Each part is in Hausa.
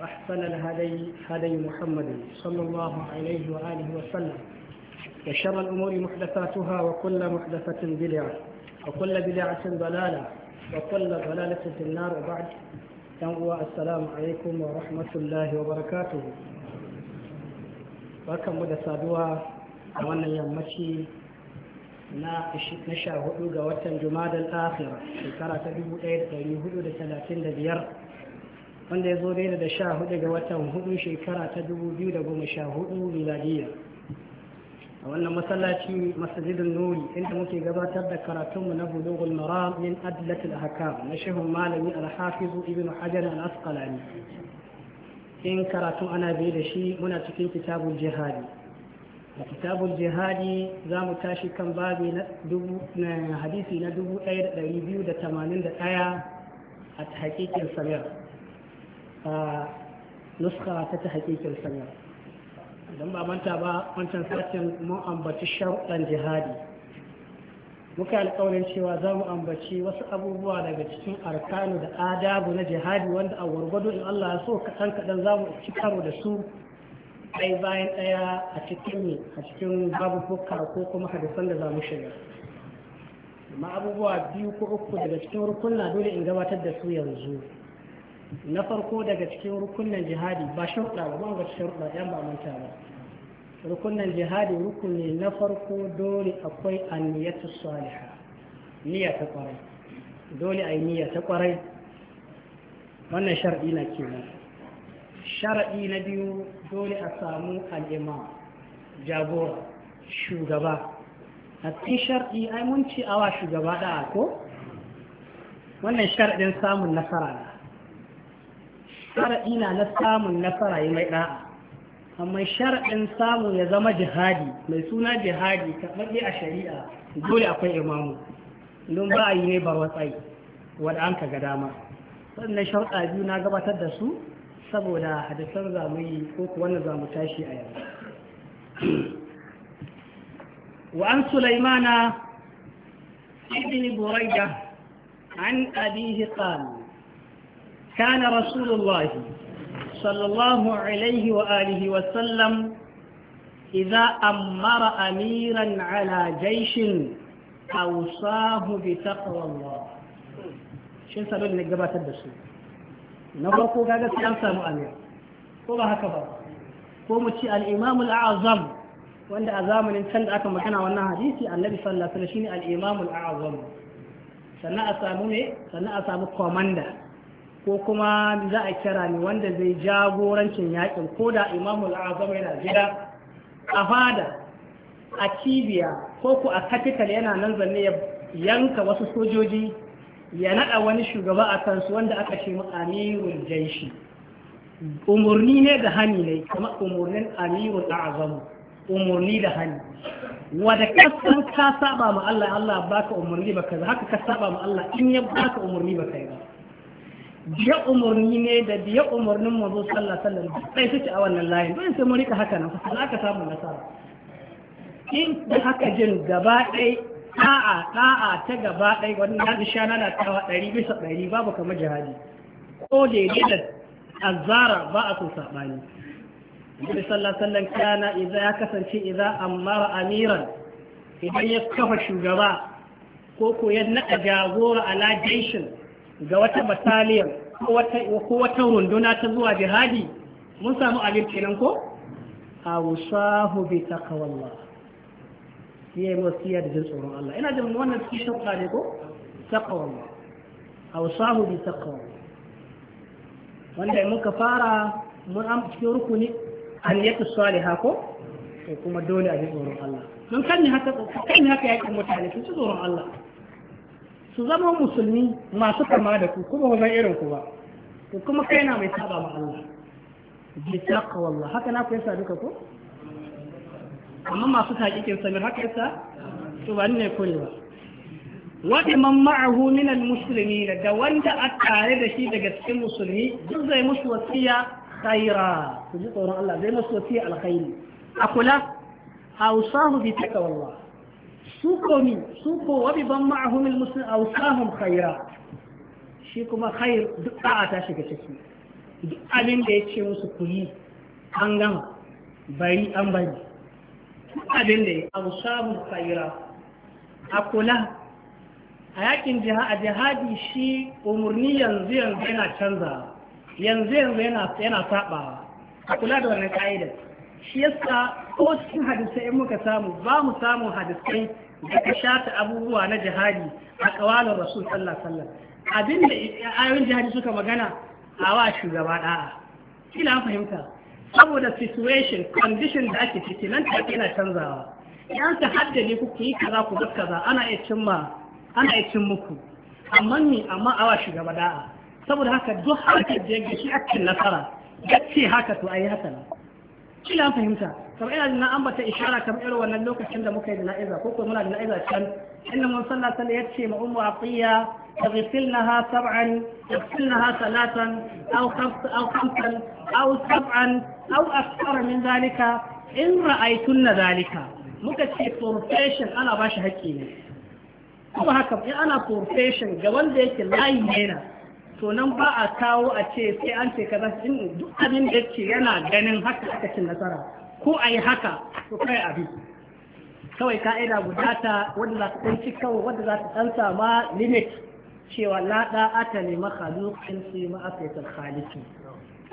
وأحسن الهدي هدي محمد صلى الله عليه وآله وسلم وشر الأمور محدثاتها وكل محدثة بدعة وكل بدعة ضلالة وكل ضلالة في النار وبعد السلام عليكم ورحمة الله وبركاته barkanmu da saduwa a يمشي yammaci na sha hudu ga watan jumadal akhira shekara ta 1435 wanda ya zo daidai da sha hudu ga watan hudu shekara ta dubu biyu da goma sha hudu miladiyya a wannan masallaci masjidin nuri inda muke gabatar da karatunmu na bulughul maram min adlatul hakam na shehun malami al-hafiz ibn hajar al-asqalani in karatun ana biye da shi muna cikin kitabul jihadi a kitabul jihadi za mu tashi kan babi na hadisi na ɗaya a hakikin samir a nuska ta ta hakikin sanya don ba manta ba wancan satin mun ambaci shaɗan jihadi muka alƙawarin cewa za mu ambaci wasu abubuwa daga cikin arkanu da adabu na jihadi wanda a wargwado in Allah ya so kaɗan kaɗan za mu ci karo da su ɗaya bayan ɗaya a cikin a cikin babu ko kuma hadisan da za mu shiga amma abubuwa biyu ko uku daga cikin rukunna dole in gabatar da su yanzu na farko daga cikin rukunin jihadi ba sharuɗa ba ba ga sharuɗa ɗan ba manta ba rukunin jihadi rukuni na farko dole akwai anniyatu salihah niyya ta kwarai dole ai niyya ta kwarai wannan shar'i na kenan shar'i na biyu dole a samu al'ima jagora shugaba a cikin shar'i ai mun ce awa shugaba da ko wannan shar'in samun nasara ne sharaɗi na na samun nasara yi mai ɗa'a amma sharaɗin samu ya zama jihadi mai suna jihadi karɓaɓɓe a shari'a dole akwai imamu don ba a yi ne ba watsayi wadda an ka ga dama sannan sharaɗa biyu na gabatar da su saboda hadisan zamu yi ko kuwa na zamu tashi a yanzu wa an sulaimana ibn burayda an abihi كان رسول الله صلى الله عليه وآله وسلم إذا أمر أميرا على جيش أوصاه بتقوى الله شو سبب إنك قبعت الدسوق نبرقوا قاعدة سيانسا مؤمر كما هكذا كومتي الإمام الأعظم وأن أزام الإنسان أكم مكان وانا حديثي النبي صلى الله عليه وسلم الإمام الأعظم سنة أسامو سنة أسامو كوماندا ko kuma za a kira ne wanda zai jagorancin yakin ko da imamul azam yana gida a fada a cibiya ko ku a capital yana nan zanne ya yanka wasu sojoji ya naɗa wani shugaba a kansu wanda aka ce mu amirul jaishi Umurni ne da hani ne kuma Umurnin amirul Azam umurni da hani wanda kasan ka saba ma Allah Allah baka umurni baka haka ka saba ma Allah in ya baka umurni baka yi ba biya umarni ne da biya umarnin mazo sallah sallah sai suke a wannan layin don sai mun rika haka nan kusa aka samu nasara in da haka jin gaba ɗai ɗa'a ta gaba ɗai wani na da shana na tawa ɗari bisa ɗari babu kamar jihadi ko daidai da azara ba a so saɓani Nabi sallah sallan kana idan ya kasance idan amara amiran idan ya kafa shugaba ko ko ya naɗa jagora ala ga wata bataliyar ko wata runduna ta zuwa jihadi mun samu abin kenan ko awsahu bi ya yi wasiya da jin tsoron Allah ina jin wannan cikin shakka ne ko taqwallah awsahu bi takawalla wanda muka fara mun an cikin rukuni aliyatu hako, ko to kuma dole a jin tsoron Allah mun kan haka ya yi yake mutane su tsoron Allah su zama musulmi masu kama da ku kuma ba zan irin ku ba ku kuma kai na mai saba ma Allah bi taqwa Allah haka na ku yasa duka ko amma masu taƙiƙin samir haka yasa to ba ne kore ba wadi man ma'ahu min al-muslimin da wanda a tare da shi daga cikin musulmi duk zai musu wasiya khaira ku ji tsoron Allah zai musu wasiya alkhairi akula awsahu bi taqwa Allah سوقني سوقوا وبضم معهم المسلم أوصاهم خيرا شيكما خير دعاتا شيكا شكي abin da ya ce musu ku yi an gama bari an bari abin da ya samun khayra a kula a yakin a jihadi shi umarni yanzu yanzu yana canza yanzu yanzu yana sabawa a kula da wannan ka'idar shi yasa ko cikin hadisai in muka samu ba mu samun hadisai da ka shata abubuwa na jihadi a kawalin rasu sallah sallah abin da ayoyin jihadi suka magana a wa shugaba da'a kila fahimta saboda situation condition da ake ciki nan ta yana canzawa yan ta haddade ku yi kaza ku duk kaza ana iya cimma ana iya cin muku amma ni amma a wa shugaba da'a saboda haka duk harkar da yake shi akin nasara haka to ayi haka shi kila fahimta kamar ina na ambata ishara kamar irin wannan lokacin da muka yi jana'iza ko kuma muna jana'iza can inda mun sallah sallah ya ce ma ummu aqiya taghsilnaha sab'an taghsilnaha salatan aw khams aw khamsan aw sab'an aw akthar min zalika in ra'aytunna zalika muka ce profession ana ba shi haƙƙi ne kuma haka in ana profession ga wanda yake layi yana to nan ba a kawo a ce sai an ce kaza in duk abin da yake yana ganin haka aka cin nasara ko a yi haka to kai abi kawai ka'ida guda ta wadda za ta ɗan ci kawai wadda za ta ɗan sama limit cewa la ɗa'ata ne maka su yi ma'asiyatil khaliqi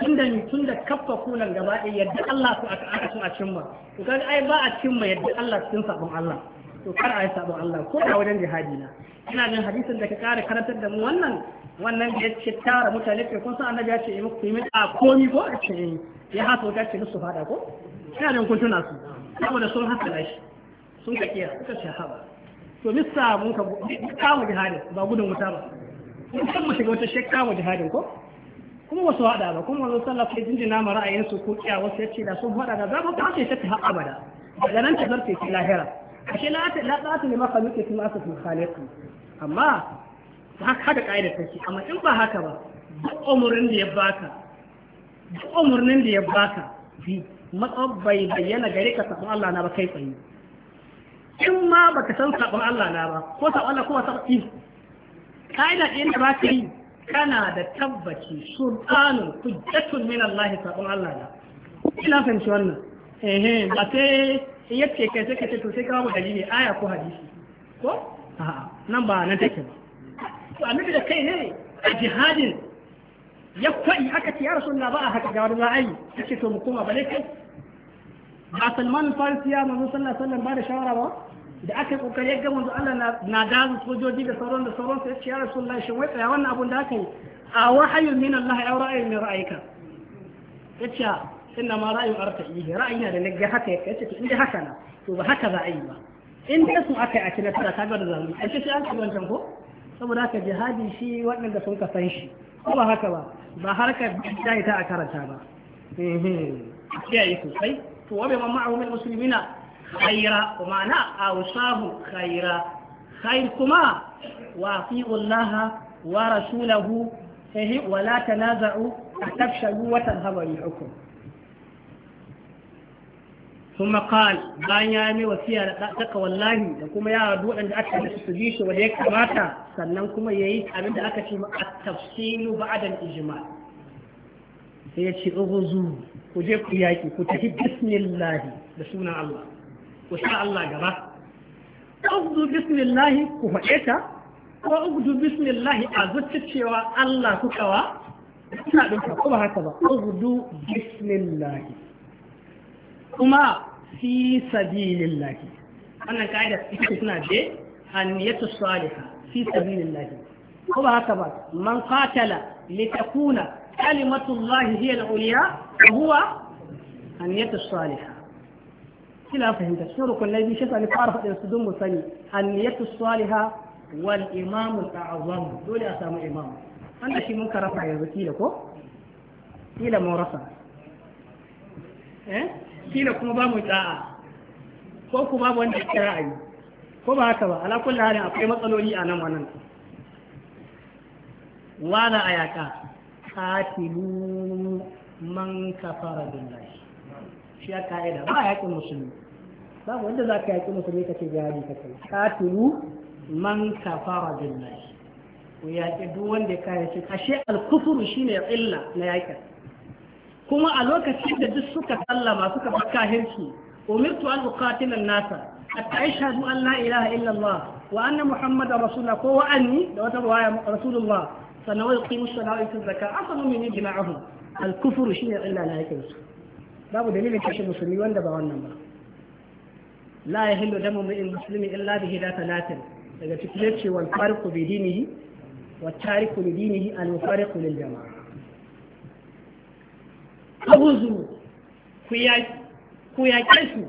tunda ni da kaffa kunan gaba ɗaya yadda Allah su aka aka sun a cimma to kaga ai ba a cimma yadda Allah sun sabon Allah to kar a yi sabon Allah ko a wajen jihadi na ina jin hadisin da ka kare karantar da mu wannan wannan da ya tara mutane ke kun san annabi ya ce yi muku yi a komi ko a ce ya hasa wata ce musu fada ko ina da kun tuna su saboda sun na shi sun ka kira suka ce haba to mista mun ka kawo jihadin ba gudun wuta ba mun san mu shiga wata shek mu jihadin ko kuma wasu hada ba kuma wasu sallah sai jinjina ma ra'ayin su ko kiya wasu ce da sun hada da za mu kace ta ha abada da nan ta zarce ki lahira ashe la ta la ta ne maka muke kuma asasul khaliqu amma haka ƙa'idar take amma in ba haka ba duk umarnin da ya baka duk umarnin da ya baka bi bai bayyana gare ka sabon Allah na ba kai tsaye in ma baka san sabon Allah na ba ko sabon Allah kuma sabon in ka'ida ɗin da ba ka yi kana da tabbaci sultanun hujjatun min Allah sabon Allah na ina fahimci wannan eh ba sai yace kai sai ka ce to sai ka ba dalili aya ko hadisi ko a'a nan ba nan take ba to annabi da kai ne a jihadin ya kwa'i aka ce ya rasulullah ba a haka ga a ra'ayi yace to mu koma kai ba Salman Farisi ya manzo sallallahu alaihi wasallam ba da shawara ba da aka yi kokari ya ga manzo Allah na dazu sojoji da sauran da sauran sai ya rasulullah shin wai tsaya wannan abun da aka yi a wahayin min Allah ya ra'ayin min ra'ayika yace ah, inna ma ra'ayin arta'ihi ra'ayin da nagga haka yake yace to inda haka na to ba haka za a yi ba in da sun aka yi a cikin ta kaga da zamu an ci wancan ko saboda haka jihadi shi waɗanda sun kasan shi ko ba haka ba ba harkar da ita a karanta ba yi sosai to wa bai mamma a wumin musulmina khaira kuma na a wasahu khaira khair kuma wa fi wa rasulahu wa la tanaza'u tafshalu wa watan al hukum. ثم قال بان يامي وسيا تك والله kuma ya دوɗan da aka da su ji shi wanda ya kamata sannan kuma yayi abin da aka ce ma at-tafsilu ba'da al-ijma sai ya ce uzu ku je ku yaki ku tafi bismillah da sunan Allah ku sha Allah gaba uzu bismillah ku faɗe ta ko uzu bismillah a zuciya cewa Allah ku wa ina ɗauka ko ba haka ba uzu bismillah kuma fi sabilillahi wannan kaida ita suna da anniyatu salihah fi sabilillahi ko ba haka ba man qatala litakuna kalimatullahi hiya al-ulya huwa anniyatu salihah kila fahimta shi rukun nabi shi sani fara faɗin su dun musani anniyatu saliha wal imam ta'azzam dole a samu imam wanda shi mun karafa yanzu kila ko kila mun rasa eh kila kuma ba mu da'a ko kuma wanda ya ra'ayi ko ba haka ba ala kulli hali akwai matsaloli a nan wannan wala ayaka qatilu man kafara billahi shi ya kaida ba yakin musulmi ba wanda za ka yaki musulmi kace jihadi ka katilu qatilu man kafara billahi ko yaki duk wanda ya kare shi ashe al-kufru shine illa na yakin kuma a lokacin da duk suka sallama suka bar kahirci umirtu an uqatila nasa hatta ashhadu an la ilaha illa Allah wa anna muhammadar rasulullah ko wa anni da wata riwaya rasulullah sannan wa yuqimu salata wa zakka asalu mini jama'ahum al shi shine illa la su babu dalilin kashe musulmi wanda ba wannan ba la yahillu damu min musulmi illa bihi da talatin daga cikin cewa farqu bi dinihi wa tariku li dinihi al-mufariqu lil jama'a abuzu ku yaki ku yake su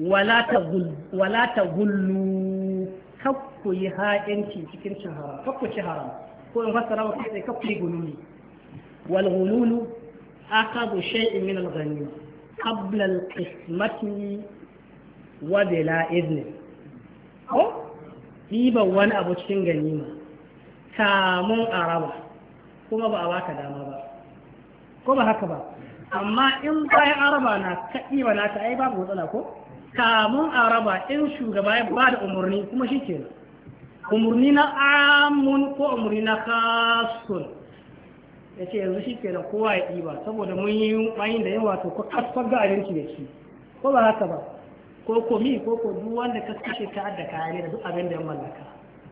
wala ta gullu kakku yi ha'inci cikin shahara haram kakku ci haram ko in fasara wa kai kakku yi gululi wal gululu akhadhu shay'in min al ghani qabla al qismati wa bila izni ko ba wani abu cikin ganima kamun araba kuma ba a baka dama ba ko ba haka ba amma in bai araba na kaɗi ba ta ai babu matsala ko kamun araba in shugaba ya ba da umarni kuma shi ke umarni na amun ko umarni na kasun ya ce yanzu shi ke da kowa ya ɗiba saboda mun yi bayin da yawa to ko kasfar ga abinci da shi ko ba haka ba ko komi ko ko duk wanda ka kashe ta da kaya da duk abin da ya mallaka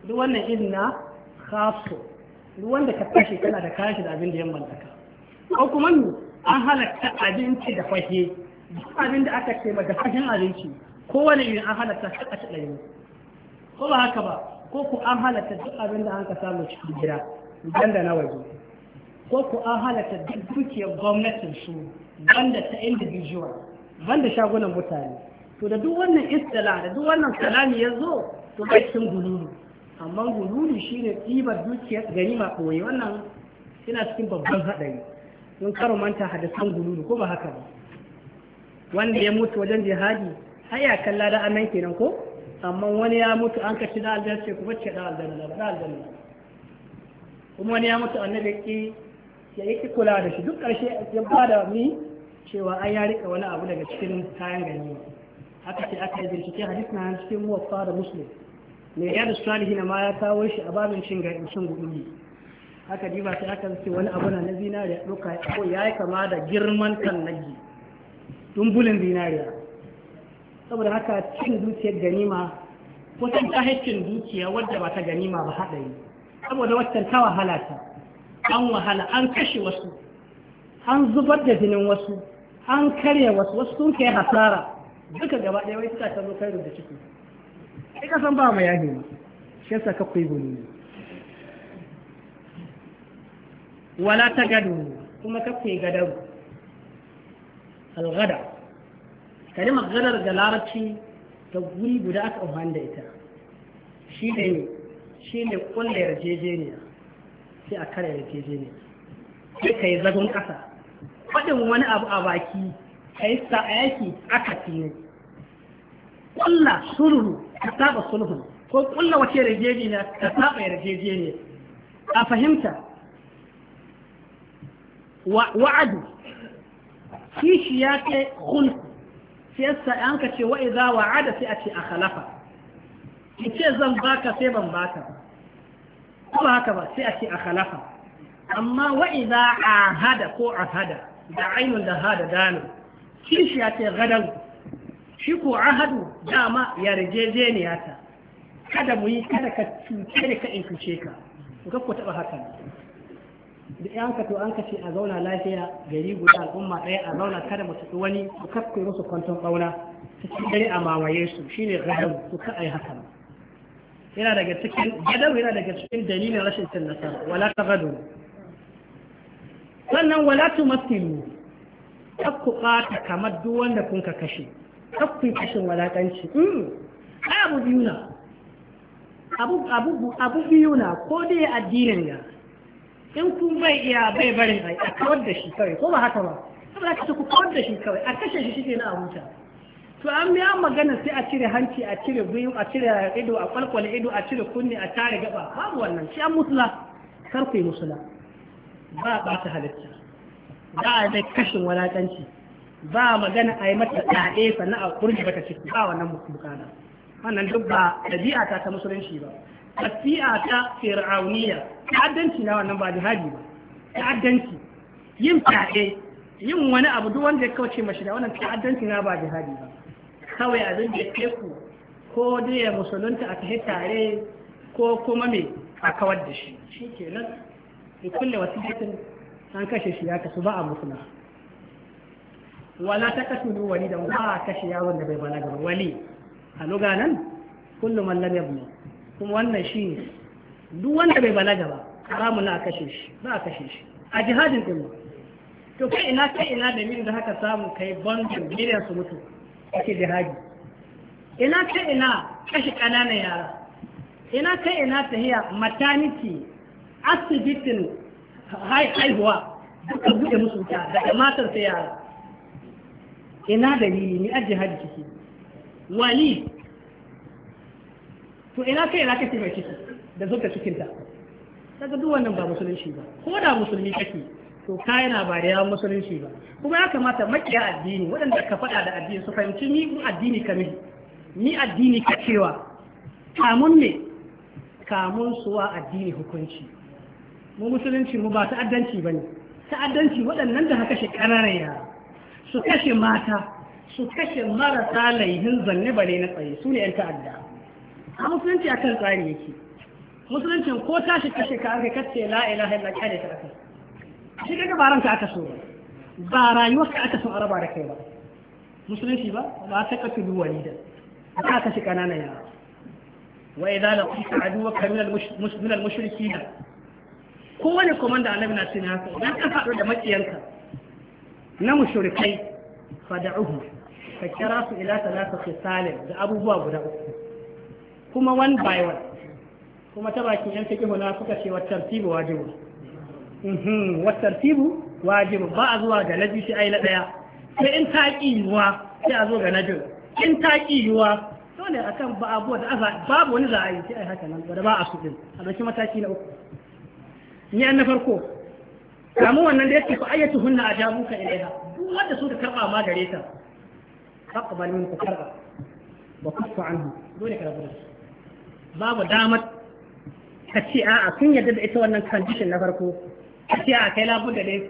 duk wannan inna kasu duk wanda ka kashe kana da kashi da abin da ya mallaka ko kuma an halatta abinci da fashe duk abin da aka ce da fashin abinci kowane yi an halatta shi a ɗaya ko ba haka ba ko ku an halatta duk abin da an ka samu cikin gida da na waje ko ku an halatta duk dukiyar gwamnatin su banda ta individual banda shagunan mutane to da duk wannan istila da duk wannan salami ya zo to bai cikin gululu amma gululu shine ɗibar dukiyar gani ma ɓoye wannan yana cikin babban haɗari mun karo manta hadisan gululu ko ba haka ba wanda ya mutu wajen jihadi har ya kalla da annan kenan ko amma wani ya mutu an kashi da aljanna ce kuma ce da aljanna da kuma wani ya mutu annabi ki ya yi kula da shi duk karshe ya ba da mi cewa an ya riƙa wani abu daga cikin kayan gani aka ce aka yi bincike hadis na cikin muwaffa da muslim mai su salihi na ma ya kawo shi a babin cin gari cin gudu haka diba sai aka ce wani abu na zinariya ɗauka ko ya yi kama da girman kan nagi dumbulin zinariya saboda haka cin dukiyar ganima ko san ta cin dukiya wadda ba ta ganima ba haɗari saboda waccan ta wahala ta an wahala an kashe wasu an zubar da jinin wasu an karya wasu wasu sun kai hasara duka gaba ɗaya wai suka ta zo kai da ciki sai ka san ba mu yahe ma shi yasa ka kuyi gumi wala ta gado kuma kafe gadar algada kalimar gadar da larabci da guri guda aka amfani da ita shi ne shi ne kulle yarjejeniya sai a kare yarjejeniya sai ka yi zagon ƙasa faɗin wani abu a baki ka yi sa a yaki aka ne kulla sulhu ka saba sulhun ko kulla wace yarjejeniya ka saba yarjejeniya a fahimta wa'adu kishi ya ke khulf sai an ka ce wa'iza wa'ada sai a ce a khalafa ki ce zan baka sai ban baka ko haka ba sai a ce a khalafa amma wa'iza hada ko a hada da ainihin da hada dano kishi ya ce gadan shi ko a hadu dama yarjejeniya ta kada mu yi kada ka cuce ka in cuce ka ga ku taba haka da yan ka to an ka a zauna lafiya gari guda al'umma ɗaya a zauna kada mu tafi wani su kafke musu kwanton su ci dare a mamaye su shine gadon su ka ai haka yana daga cikin gadon yana daga cikin dalilin rashin cin nasara wala ta gado sannan wala tu masilu kakku ɓata kamar duk wanda kun ka kashe kakku kashin walaƙanci, hmm, ai abu biyu na abu biyu na ko dai addinin ya in kun bai iya bai bari bai a kawar da shi kawai ko ba haka ba saboda ka ku kawar da shi kawai a kashe shi shike na abuta to an biya magana sai a cire hanci a cire gwiwu a cire ido a kwalkwale ido a cire kunne a tare gaba babu wannan shi an musula kar ku yi musula ba ba ta halitta ba a dai kashin walakanci ba magana a yi mata ɗaɗe sannan a kurji bata ciki ba wannan bukana wannan duk ba ɗabi'a ta ta musulunci ba ɗabi'a ta fir'auniya ta'addanci na wannan ba jihadi ba ta'addanci yin fyaɗe yin wani abu duk wanda ya kauce mashi da wannan ta'addanci na ba jihadi ba kawai abin da ya ku ko dai ya musulunta a kai tare ko kuma me a kawar da shi shikenan ke kulle wasu jikin an kashe shi ya kasu ba a musulma wala ta kasu ne wani da ba a kashe yaron da bai balaga ba wali a luganan kullum man lam yabni kuma wannan shi ne duk wanda bai balaga ba haramun na a kashe shi ba a kashe shi a jihadin din to kai ina kai ina da mini da haka samu kai bandu miliyan su mutu ake jihadi ina kai ina kashe ƙananan yara ina kai ina tahiya mataniki asibitin haihuwa duka buɗe musu wuta daga matar sai yara ina da mini ni a jihadi ciki wali to ina kai ina kashe mai ciki da zuka cikinta daga duk wannan ba musulunci ba ko da musulmi kake to ka yana ba da yawan musulunci ba kuma ya kamata makiya addini waɗanda ka faɗa da addini su fahimci ni addini ka mihi ni addini ka cewa kamun ne kamun suwa addini hukunci mu musulunci mu ba ta'addanci ba ne ta'addanci waɗannan da haka shi ƙararraya, su kashe mata su kashe marasa laihin zanne bare na tsaye su ne 'yan ta'adda a musulunci akan tsari yake musuluncin ko tashi kashe ka aka kace la ilaha illa kai da kai shi kaga baran ka aka so ba rayuwar ka aka so araba da kai ba musulunci ba ba ta kace duwani da aka kashe kananan yara wa idza laqita aduwaka min al-mushrikeena kowane komanda annabi na cin haka idan ka haɗu da maƙiyanka na mushrikai fada'uhu ka kira su ila talata khisalin da abubuwa guda uku kuma one by one kuma ta bakin yan fiqhu na kuka ce wat tartibu wajibu mhm wat tartibu wajibu ba a zuwa ga naji sai ai na ɗaya. sai in ta ki yuwa sai a zo ga naji in ta ki yuwa dole akan ba abu da aka babu wani za a yi sai ai haka nan da ba a su din a dauki mataki na uku ni an na farko kamu wannan da yake fa ayatu hunna ajabuka ilaiha duk wanda suka karba ma gare ta faqbal min ku karba wa kuffa anhu dole ka rabu babu damar ka ce a'a sun yadda da ita wannan condition na farko ka ce a'a kai labun da dai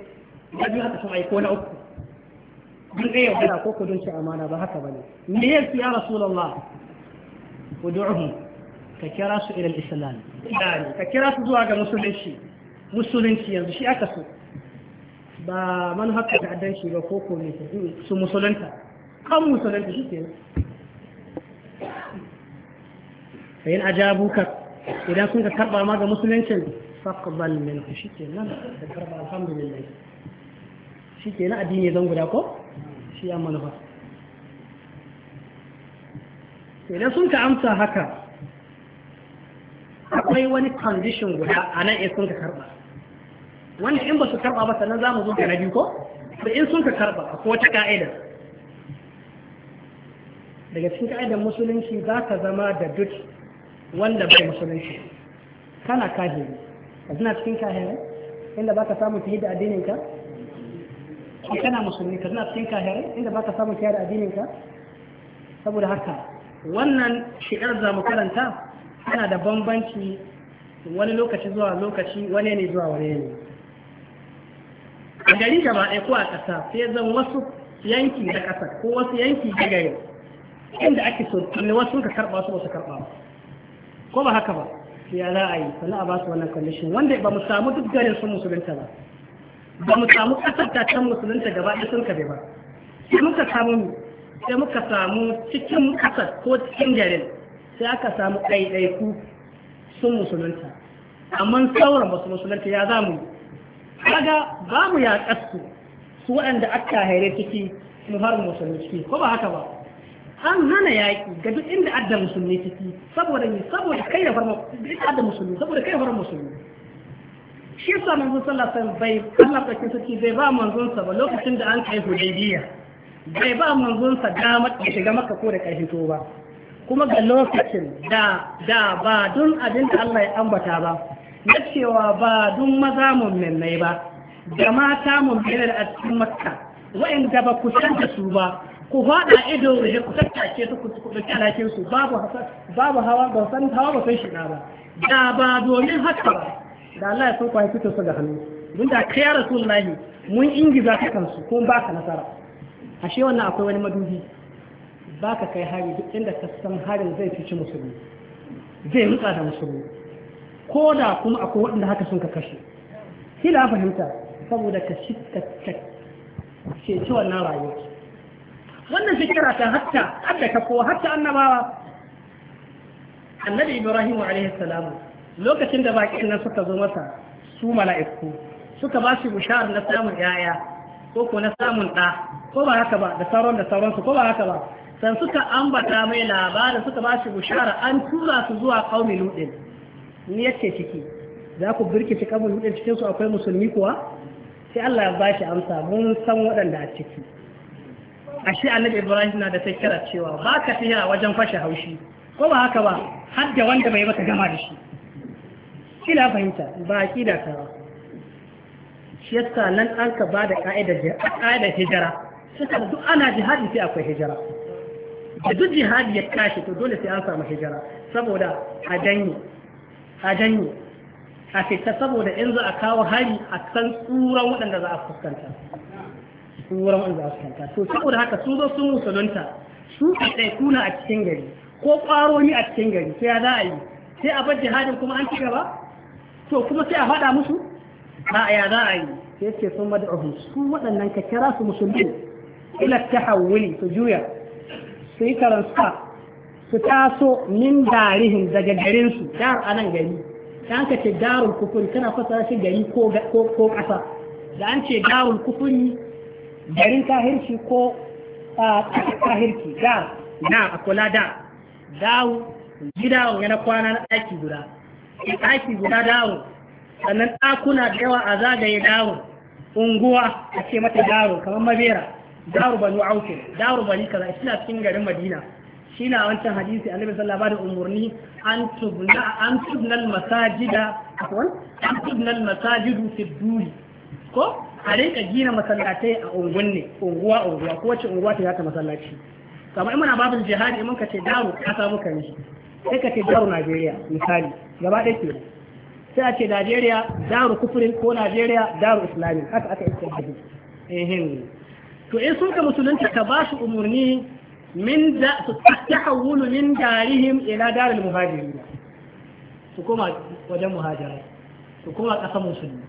na biyu haka sun aiko na uku dun ɗaya yaudara ko ku dunce amana ba haka bane me yasu ya rasulallah. Ku ud'uhum ka kira su ila al-islam ka kira su zuwa ga musulunci musulunci yanzu shi aka so ba man manhajar ta'addanci ba ko ko ne su musulunta kan musulunta shi ke fa ajabu ajabuka idan sun ka karba ma ga musuluncin faqbal min shi ke nan da karba alhamdulillah shi ke na addini zan guda ko shi ya manufa idan sun ka amsa haka akwai wani condition guda a nan in sun ka karba wannan in ba su karba ba sannan za mu zo ga na biyu ko da in sun ka karba ko wata ka'ida? daga cikin ka'idar musulunci za ka zama da duk wanda bai musulunci kana kahiri a suna cikin kahiri inda ba ka samun fiye da ka ko kana musulmi ka suna cikin kahiri inda ba ka samun fiye da ka saboda haka wannan shi'ar za mu karanta tana da bambanci wani lokaci zuwa lokaci wani ne zuwa wani ne a gari gaba ɗaya ko a ƙasa sai zan wasu yanki da ƙasa ko wasu yanki da gari inda ake so wasu ka karɓa su wasu karɓa ko ba haka ba ya za a yi sannan a ba su wannan condition wanda ba mu samu duk garin sun musulunta ba ba mu samu kasar ta can musulunta gaba ɗaya sun kabe ba sai muka samu sai muka samu cikin kasar ko cikin garin sai aka samu ɗaiɗaiku sun musulunta amma sauran ba su musulunta ya za mu kaga ba mu yaƙar su su waɗanda aka haire ciki mu har musulunci ko ba haka ba an hana yaƙi ga duk inda adda musulmi ciki saboda ne saboda kai da farma adda musulmi saboda kai da farma musulmi shi yasa manzon sallallahu alaihi bai Allah sarkin sarki bai ba manzon sa ba lokacin da an kai hudaybiya bai ba manzon sa dama ya shiga makka ko da ƙarfi to ba kuma ga lokacin da da ba don abin da Allah ya ambata ba na cewa ba don maza mun mennai ba da mata mun bayyana a cikin makka wa'anda ba ku san da su ba ku faɗa ido da ku tattace su ku ɗauki alhakin su babu babu hawa ba san hawa ba san shiga ba da ba domin haka ba da Allah ya san kwaye fito su ga hannu don da kai rasulullahi mun ingiza ka kansu ko ba ka nasara ashe wannan akwai wani madubi ba ka kai hari duk inda ka san harin zai fice musulmi zai rutsa da musulmi ko da kuma akwai waɗanda haka sun ka kashe kila fahimta saboda ka shi ka ce wannan rayuwa wannan shekara ta hatta hatta ka kowa hatta annabawa annabi ibrahim alaihi salam lokacin da bakin nan suka zo masa su mala'iku suka ba shi bushar na samun yaya ko ko na samun ɗa ko ba haka ba da sauran da sauransu ko ba haka ba san suka ambata mai labarin suka ba shi bushara an tura su zuwa kaumi ludin ni yace ciki za ku birkice kaumi ludin cikin su akwai musulmi kuwa sai Allah ya ba shi amsa mun san waɗanda a ciki ashe annabi ibrahim na da kira cewa ba ka fiya wajen fashe haushi ko ba haka ba har da wanda bai maka gama da shi kila fahimta ba a kida ta ba shi yasa nan an ka ba da ka'idar hijira suka duk ana jihadi sai akwai hijira da duk jihadi ya tashi to dole sai an samu hijira saboda a janye a janye a fita saboda in za a kawo hari a san tsuran waɗanda za a fuskanta su wurin wanda za su kanta to saboda haka su zo sun musulunta su ɗaiɗai kuna a cikin gari ko ni a cikin gari sai ya za a yi sai a bar jihadin kuma an ci gaba to kuma sai a faɗa musu a ya za a yi sai ce sun bada ohun su waɗannan ka kira su musulmi ila hawuli su juya su yi karansa su taso min darihin daga garinsu dar a nan gari da an ka ce darul kufuri tana fasa shi gari ko ƙasa da an ce darul kufuri garin kahirci ko kahirci da na a kula da dawo gida wani na kwana na ɗaki guda ɗaki guda dawo sannan ɗakuna da yawa a zagaye dawo unguwa a ce mata dawo kamar mabera daru banu aukin daru bani kaza shi na cikin garin madina shi na wancan hadisi annabi sallallahu alaihi wasallam umurni an tubna an tubna al masajida an tubna al masajidu fi duri ko a rinka gina masallatai a ne unguwa unguwa ko wacce unguwa ta yata masallaci kamar in muna babin jihadi in ka ce daru samu muka yi sai ka ce daru Najeriya misali gaba ɗaya ke sai a ce Najeriya daru kufurin ko Najeriya daru islami haka aka iska hadu ehin to in sun ka musulunci ka ba su umarni min da su tahawulu min darihim ila darul muhajirin su koma wajen muhajirai su koma ƙasar musulmi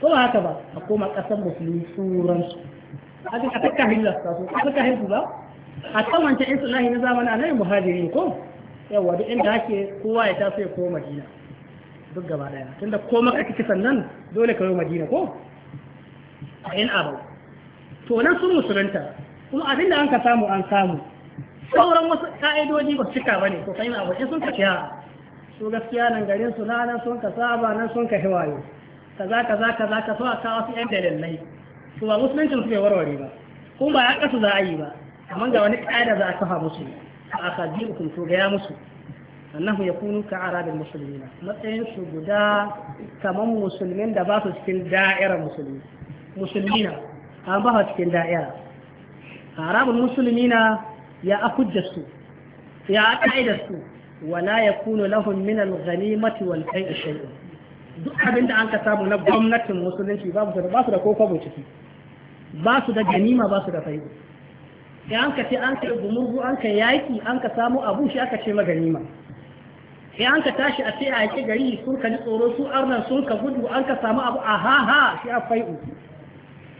ko ba haka ba a koma ƙasar musulmi turansu abin a kakka hillasta su a kakka hillu ba a kan wancan insulahi na zamanin anayin muhajiri ko yawa duk inda ake kowa ya taso ya koma madina duk gaba daya tunda ko maka kake sannan dole ka yi madina ko a yan abu to nan sun musulunta kuma abin da an ka samu an samu sauran wasu ka'idoji ba cika ba ne to kai abu in sun ka kiya su gaskiya nan garin su na nan sun ka saba nan sun ka hiwaye kaza kaza kaza ka so a kawo su yan dalilai su ba musuluncin su bai warware ba kuma ba ya kasu za a yi ba amma ga wani ƙa'ida za a kafa musu a akabirukum to gaya musu annahu yakunu ka arabin musulmina matsayin su guda kamar musulmin da ba su cikin da'ira musulmi musulmina an ba su cikin da'ira arabin musulmina ya akujjar su ya ƙa'idar su wala yakunu lahum min al-ghanimati wal qai'i shay'un duk abin da an ka samu na gwamnatin musulunci ba su da ba su da ciki ba su da ganima ba su da faido sai an ka ce an kai gumurgu an kai yaki an ka samu abu shi aka ce maganima sai an ka tashi a sai a yake gari sun ka ji tsoro su arnan sun ka gudu an ka samu abu a ha ha shi a faido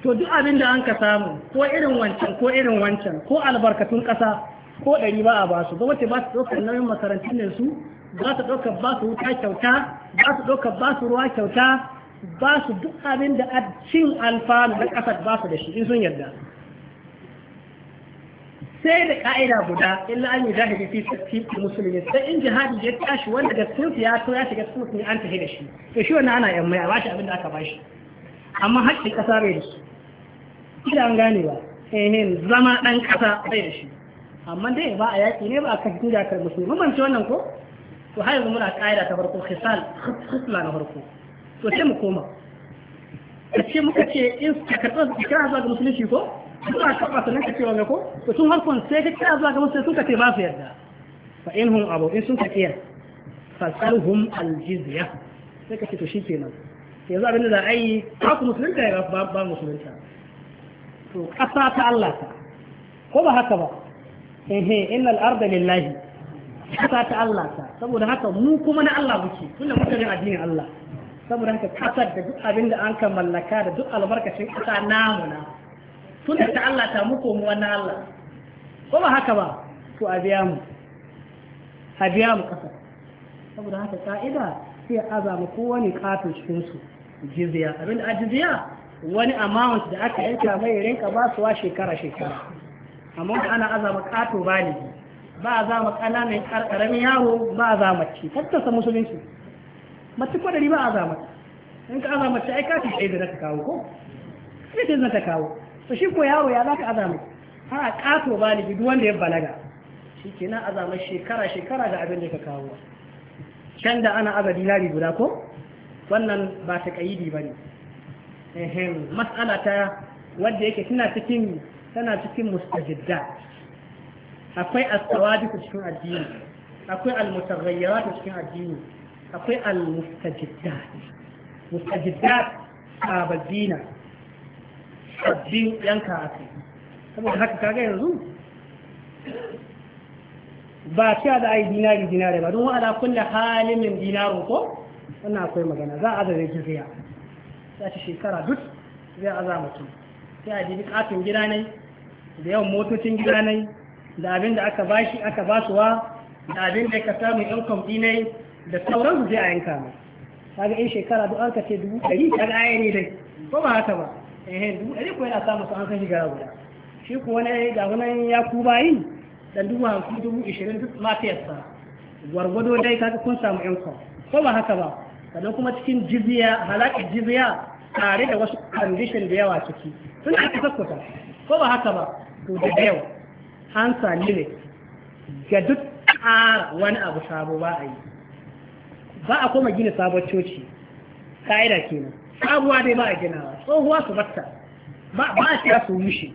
to duk abin da an ka samu ko irin wancan ko irin wancan ko albarkatun ƙasa ko ɗari ba a ba su gwamnati ba su ɗaukar nauyin makarantun su za su ɗaukar ba su wuta kyauta ba su ɗaukar ba su ruwa kyauta ba su duk abin da cin alfanu na ƙasar ba su da shi in sun yarda sai da ƙa'ida guda illa an yi zahiri fi fi musulmi sai in jihadi ya tashi wanda da sun ya to ya shiga sun ne an tafi da shi to shi wannan ana yan mai ba shi abin da aka ba shi amma haƙƙin ƙasa bai da shi ina an gane ba eh zama ɗan ƙasa bai da shi amma dai ba a yaƙi ne ba a kan jakar musulmi ban wannan ko to har yanzu muna ƙa'ida ta farko khisal khisla na farko to sai mu koma ka ce muka ce in ka karɓar kira zuwa ga musulunci ko suna karɓa sannan ka ce wanga ko to sun harkon sai ka kira zuwa ga musulunci sun ka ce ba su yarda fa in hum abu in sun ka kiyar fasalhum aljizya sai ka ce to shi kenan yanzu abin da za a yi ba ku musulunta ya ba musulunta to ƙasa ta Allah ta ko ba haka ba ehe innal arda lillahi ƙasa ta Allah ta saboda haka mu kuma na Allah muke tunda muka ne addinin Allah saboda haka kasar da duk abin da an kan mallaka da duk albarkacin kasa namu na tunda ta Allah ta muku mu wannan Allah ko ba haka ba to a biya mu a biya mu kasa saboda haka ka'ida sai azama kowane katon cikin su jizya abin da ajiziya wani amount da aka yanka mai rinka ba su wa shekara shekara amma ana azama kato ne. ba za mu ƙananan ƙaramin yaro ba za mu ci tattasa musulunci mace kwadari ba a za mu in ka aza ce, ai kafin sai da ta kawo ko sai da ta kawo to shi ko yaro ya za ka aza Ha a ba ni duk wanda ya balaga shi kenan aza mai shekara shekara ga abin da ka kawo can da ana aza dinari guda ko wannan ba ta ƙaidi ba ne mas'ala ta wadda yake tana cikin tana cikin mustajiddat akwai as cikin addini akwai al cikin addini akwai al-mustajiddat mustajiddat sababbina sabbin yanka akai saboda haka kaga yanzu ba cewa da ai dinari dinare ba don wa'ala halin min dinarun ko wannan akwai magana za a zare jiriya za ta shekara duk zai aza mutum sai a jibi katon gida ne da yawan motocin gida ne da abin da aka bashi aka basuwa da abin da ka samu yan kwamfi ne da sauran su a yanka mai kaga in shekara duk an kace dubu ɗari kaga aya ne dai ko ba haka ba eh dubu ɗari ko yana samu su an kashi shiga guda shi ko wani ga wani ya ku yi dan dubu hamsin dubu ishirin duk yasa gwargwado dai kaga kun samu yan ko ba haka ba sannan kuma cikin jizya halaƙar jizya tare da wasu condition da yawa ciki suna aka sakkuta ko ba haka ba to da yau hansa lyrics ga duk ƙara wani abu sabo ba a yi ba a kuma gina sabon coci ka'ida kenan sabuwa dai ba a ba tsohuwa su batta ba a shiga su rushe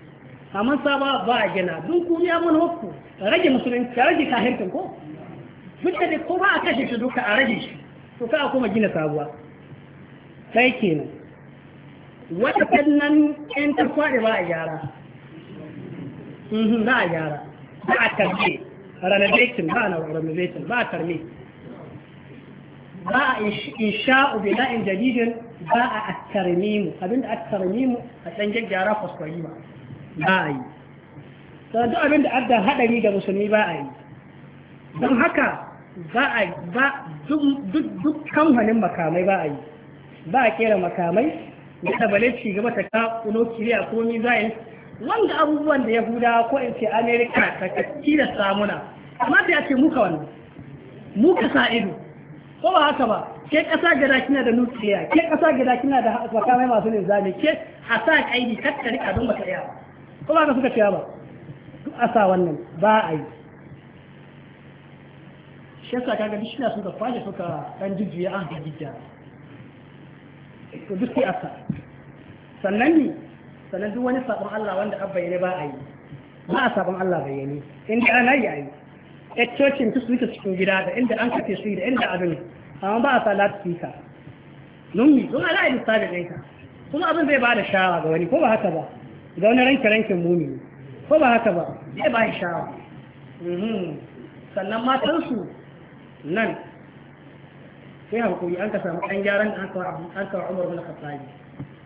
amma sabuwa ba a gina duk kuma ya mana hukku rage musulunci rage kahirkin ko duk da ko ba a kashe shi duka a rage shi to ka a kuma gina sabuwa sai kenan wata sannan yan ta ba a gyara na mhm, a gyara ba a tarbe renovation ba na renovation ba a tarbe ba a insha'u in jadidin ba a mu, abinda attarmimu a ɗan gyaggyara kwaskwari ba ba a yi sannan abinda adda haɗari da musulmi ba a yi don haka ba a ba duk kamfanin makamai ba a yi ba a kera makamai da tabbalin ci gaba ta kawo kiriya ko mizayin wanda abubuwan da yahuda ko in ce amerika ta kaci da samuna amma da ya ce muka wannan muka sa ido ko ba haka ba ke kasa gada kina da nukiliya ke kasa gada kina da mai masu zane ke a sa kaidi kar ka rika don baka iya ko ba ka suka ciya ba duk a sa wannan ba a yi shi kaga duk shina suka kwashe suka dan jujjuya an hajjija to duk sai a sa sannan ne sannan duk wani sabon Allah wanda an bayyane ba a yi ba a sabon Allah bayyane inda ana yi a yi ya cocin su suke cikin gida da inda an kafe su da inda abin amma ba a sa loudspeaker numi don ala yi lissafin ɗinka kuma abin zai ba da shawa ga wani ko ba haka ba ga wani ranke rankin mumi ko ba haka ba zai ba shi shawa mhm. sannan matansu nan sai hankali an ka samu ɗan gyaran da an kawo umar bin khattabi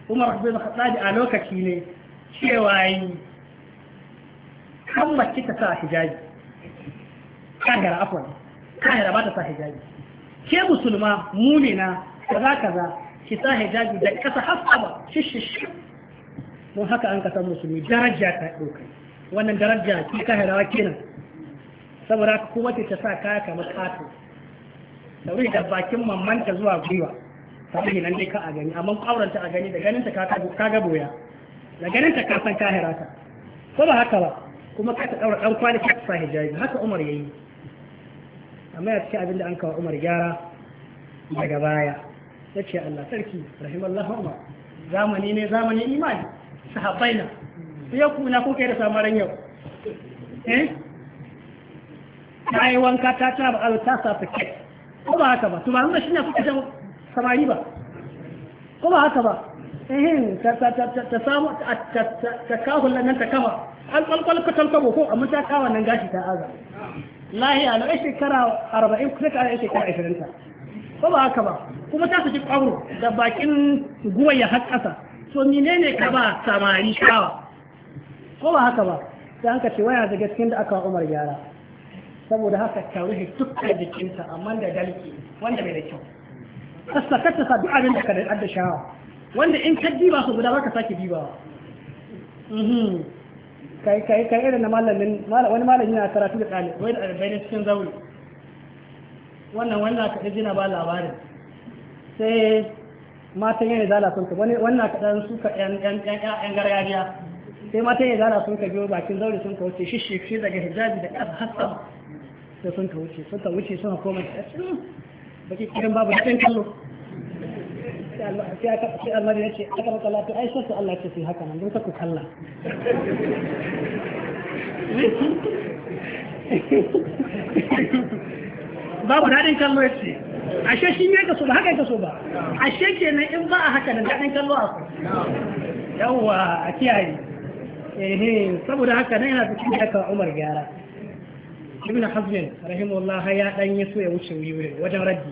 umar bin hatsari a lokaci ne cewa yi kan mace ta sa hijabi kahira afwan kahira ba ta sa hijabi ke musulma mumina kaza kaza ki sa hijabi da kasa hasaba shishish mun haka an kasan musulmi daraja ta ɗauka wannan daraja ki kahirawa kenan saboda kuma ta sa kaya kamar kato da wuri da bakin ta zuwa gwiwa sahihi nan dai ka a gani amma auren ta a gani da ganin ta ka ga boya da ganin ta ka san kahira ta ko ba haka ba kuma ka ta daura dan kwali ka sa hijabi haka Umar yayi amma ya ce abin da an kawo Umar gyara daga baya yace Allah sarki rahimallahu Umar zamani ne zamani imani sahabbai na sai ku na kai da samaran yau eh ta yi wanka ta ta ba ta sa ke. ko ba haka ba to ba shi ne kuka da samari ba ko ba haka ba ehin ta samu ta kahun nan ta kama an kwalkwal ka talkabo ko amma ta kawo nan gashi ta aza lahi a nan shekara arba'in kusa ka shekara ashirin ta ko ba haka ba kuma ta saki kwaro da bakin guwa ya ƙasa to menene ka ba samari shawa ko ba haka ba sai an ka ce waya da cikin da aka umar gyara saboda haka ta rufe dukkan jikinta amma da dalki wanda bai da kyau kasa kasa sa duk abin da ka da shawa wanda in ka diba su guda baka sake diba. Mhm. kai kai kai irin malamin wani malami yana karatu da ɗalibi wai da ɗalibai cikin zauri wannan wannan kaɗai jina ba labarin sai matan yana zala sun ka wani wannan kaɗan su ka ƴan gargajiya sai matan yana zala sun ka biyo bakin zauri sun ka wuce shi shi daga hijabi da ƙasa hasa Sai sun ka wuce sun ka wuce sun ka koma da baki kiran babu da kallo sai almari ya ce aka maka lafi ai sassu Allah ce su haka nan don ka ku kalla babu daɗin kallo ya ce ashe shi ne ka so ba haka ka so ba ashe kenan in ba a haka nan daɗin kallo a ku yawwa a kiyaye saboda haka nan yana cikin haka Umar gyara ibn hazmin rahimullah ya dan yi so ya wuce wuri wajen raddi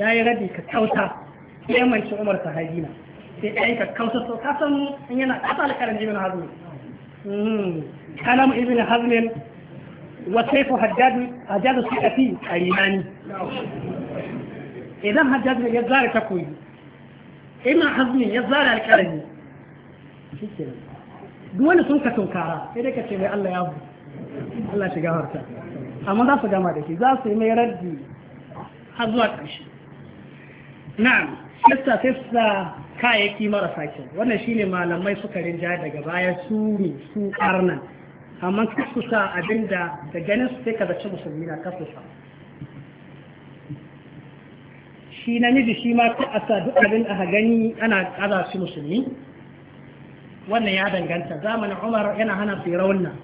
ya yi raddi ka kauta sai mance umar ta na sai dai ka kauta so ka san in yana kasa alƙarin ibn hazmin hmm. kalam ibn hazmin wa sayfu haddad haddadu sikati alimani idan haddad ya zara ta koyi ibn hazmin ya zara alƙarami duk wani sun ka tunkara sai dai ka ce mai Allah ya bu Allah shiga harta amma za su gama da shi za su yi mai raddi har zuwa ƙarshe na'am fista fista kayayyaki marasa kyau wannan shine malamai suka rinja daga baya su ne su karnan amma su sa abin da da ganin su sai ka zace musulmi na kasu sa shi namiji shi ma ta asa duk abin a gani ana aza su musulmi wannan ya danganta zamanin umar yana hana firawun nan